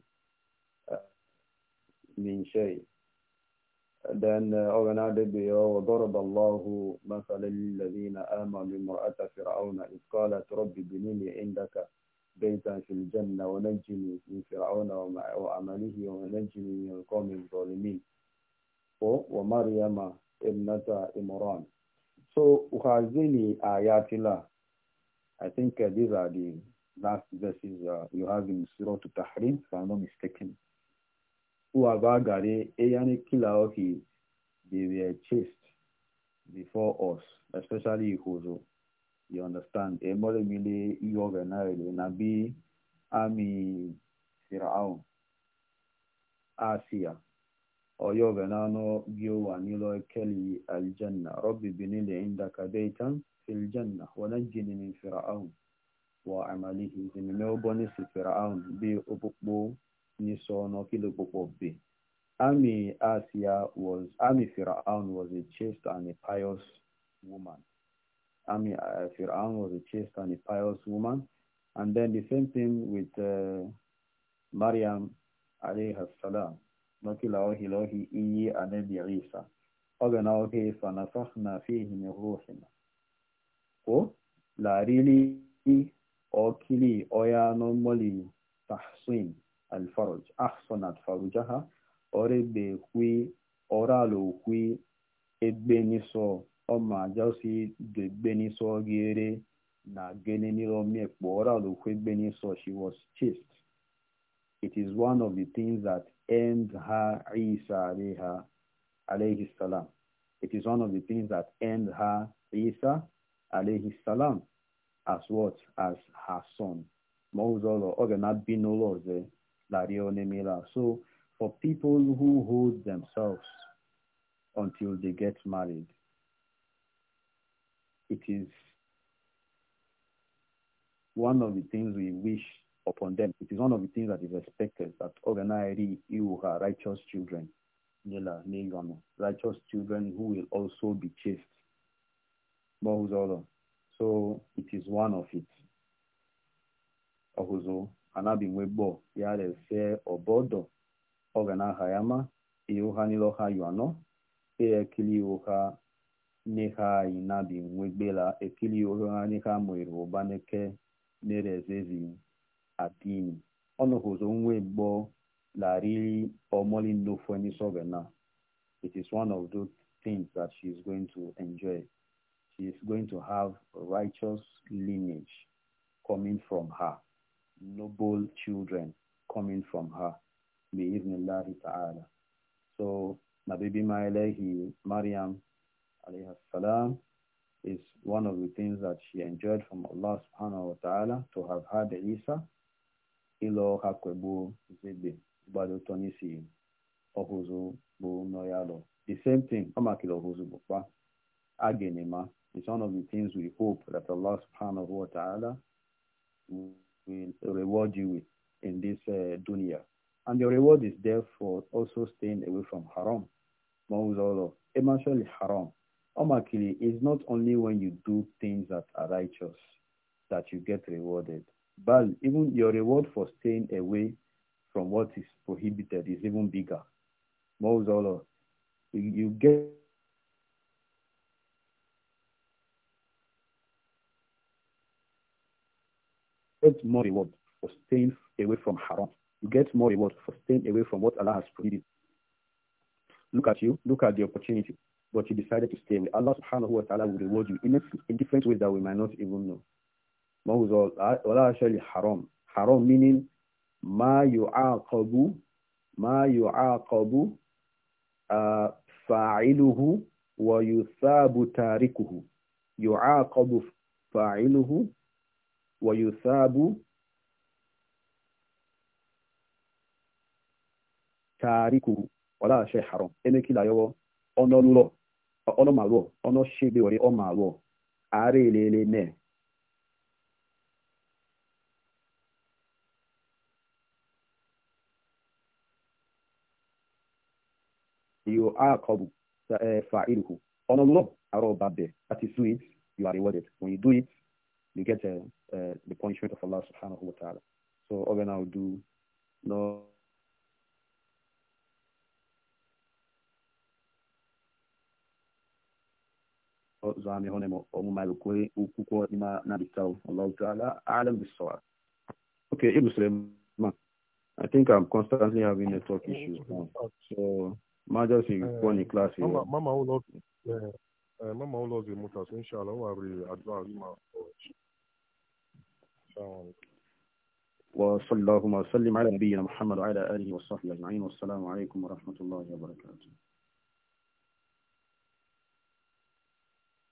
من شيء then أغنى دبي وضرب الله مثلا للذين آمنوا امرأة فرعون إذ قالت رب ابن عندك بيتا في الجنة ونجني من فرعون وعمله ونجني من القوم الظالمين ومريم ابنة إمران So Uhazini Ayatila, I think uh, these are the last verses uh, you have in Surah to if I'm not mistaken. Uabagare Eyani Kilaoki, they were chased before us, especially Ihuzo you understand A eh, emole mile iorganile nabi ami firaun asia oyoganano oh, giowa nilo keli aljanna rabbi binili indaka beitan fil janna wanajjini min firaun wa amalihi zinime oboni si firaun bi opopo ni sono kile opopo bi ami asia was ami firaun was a chaste and a pious woman I mean, uh, Fir'aun was a chaste and a pious woman. And then the same thing with uh, Maryam, alayhi salam. نقل إلهي إي أنبي عيسى أغنى كيف نفخنا فيه من روحنا ko larili okili oyano moli tahsin alfarj ahsanat farujaha orebe kwi oralo kwi egbeniso ọma jọsi degbenisọ gere na geneniromekpo oralukwe gbenisọ she was chased. it is one of the things that end her isa alayha alayhi salam it is one of the things that end her isa alayhi salam as what as her son ma ụzọ ọ ga na-abi n'ụlọ ọzọ larịa eh? onemela so for people who hold themselves until they get married it is one of the things we wish upon them. It is one of the things that is expected that ordinary you are righteous children. Righteous children who will also be chaste. So it is one of it. Ohuzo, anabimwebo, yare se obodo, ogana hayama, iuha niloha yuano, eekili uha n'ihe anyị nabi nwegbela ekili ụrụ ha n'ihe a mụrụ ụba n'eke nerezezi atini ọnụhụzọ nwe gbo lariri omoli nofoni sovena it is one of those things that she is going to enjoy she is going to have righteous lineage coming from her noble children coming from her bi ibnillahi ta'ala so na bibi ma elehi mariam alayhi salam, is one of the things that she enjoyed from Allah subhanahu wa ta'ala to have had Isa ilo hakwebu zibi bado tonisi ohuzu bu noyalo. The same thing, amakilo ohuzu bukwa agenema. It's one of the things we hope that Allah subhanahu wa ta'ala will reward you with in this uh, dunya. And the reward is therefore also staying away from haram. Mawzolo, eventually haram. Omakiri is not only when you do things that are righteous that you get rewarded, but even your reward for staying away from what is prohibited is even bigger. Mozolo, you get get more reward for staying away from haram. You get more reward for staying away from what Allah has prohibited. Look at you. Look at the opportunity. but you decided to stay. Allah subhanahu wa ta'ala will reward you in, a, in different ways that we might not even know. Uh, wala actually haram. Haram meaning ma yu'aqabu ma yu'aqabu uh, fa'iluhu wa yuthabu tarikuhu. Yu'aqabu fa'iluhu wa yuthabu tarikuhu. Wala actually haram. Eme kila yowo ọ̀nà ọnụmalụọ ọnụchibe were ọmalụọ ara elele ne you are eh, fa kabu fa'iluhu ọnụlọ arọbabe that is do it you are rewarded when you do it you get uh, uh, the punishment of Allah subhanahu wa ta'ala so all we now do no zame honemo omumaɓe koye kuko ima nabi taw allahu taala alam bisawab okay ibnu suleiman i think i'm constantly having network issues now so majesty born in class here mama who lost uh, mama who lost the motors inshallah wa re advance ma وصلى اللهم وسلم على نبينا محمد وعلى اله وصحبه اجمعين والسلام عليكم ورحمه الله وبركاته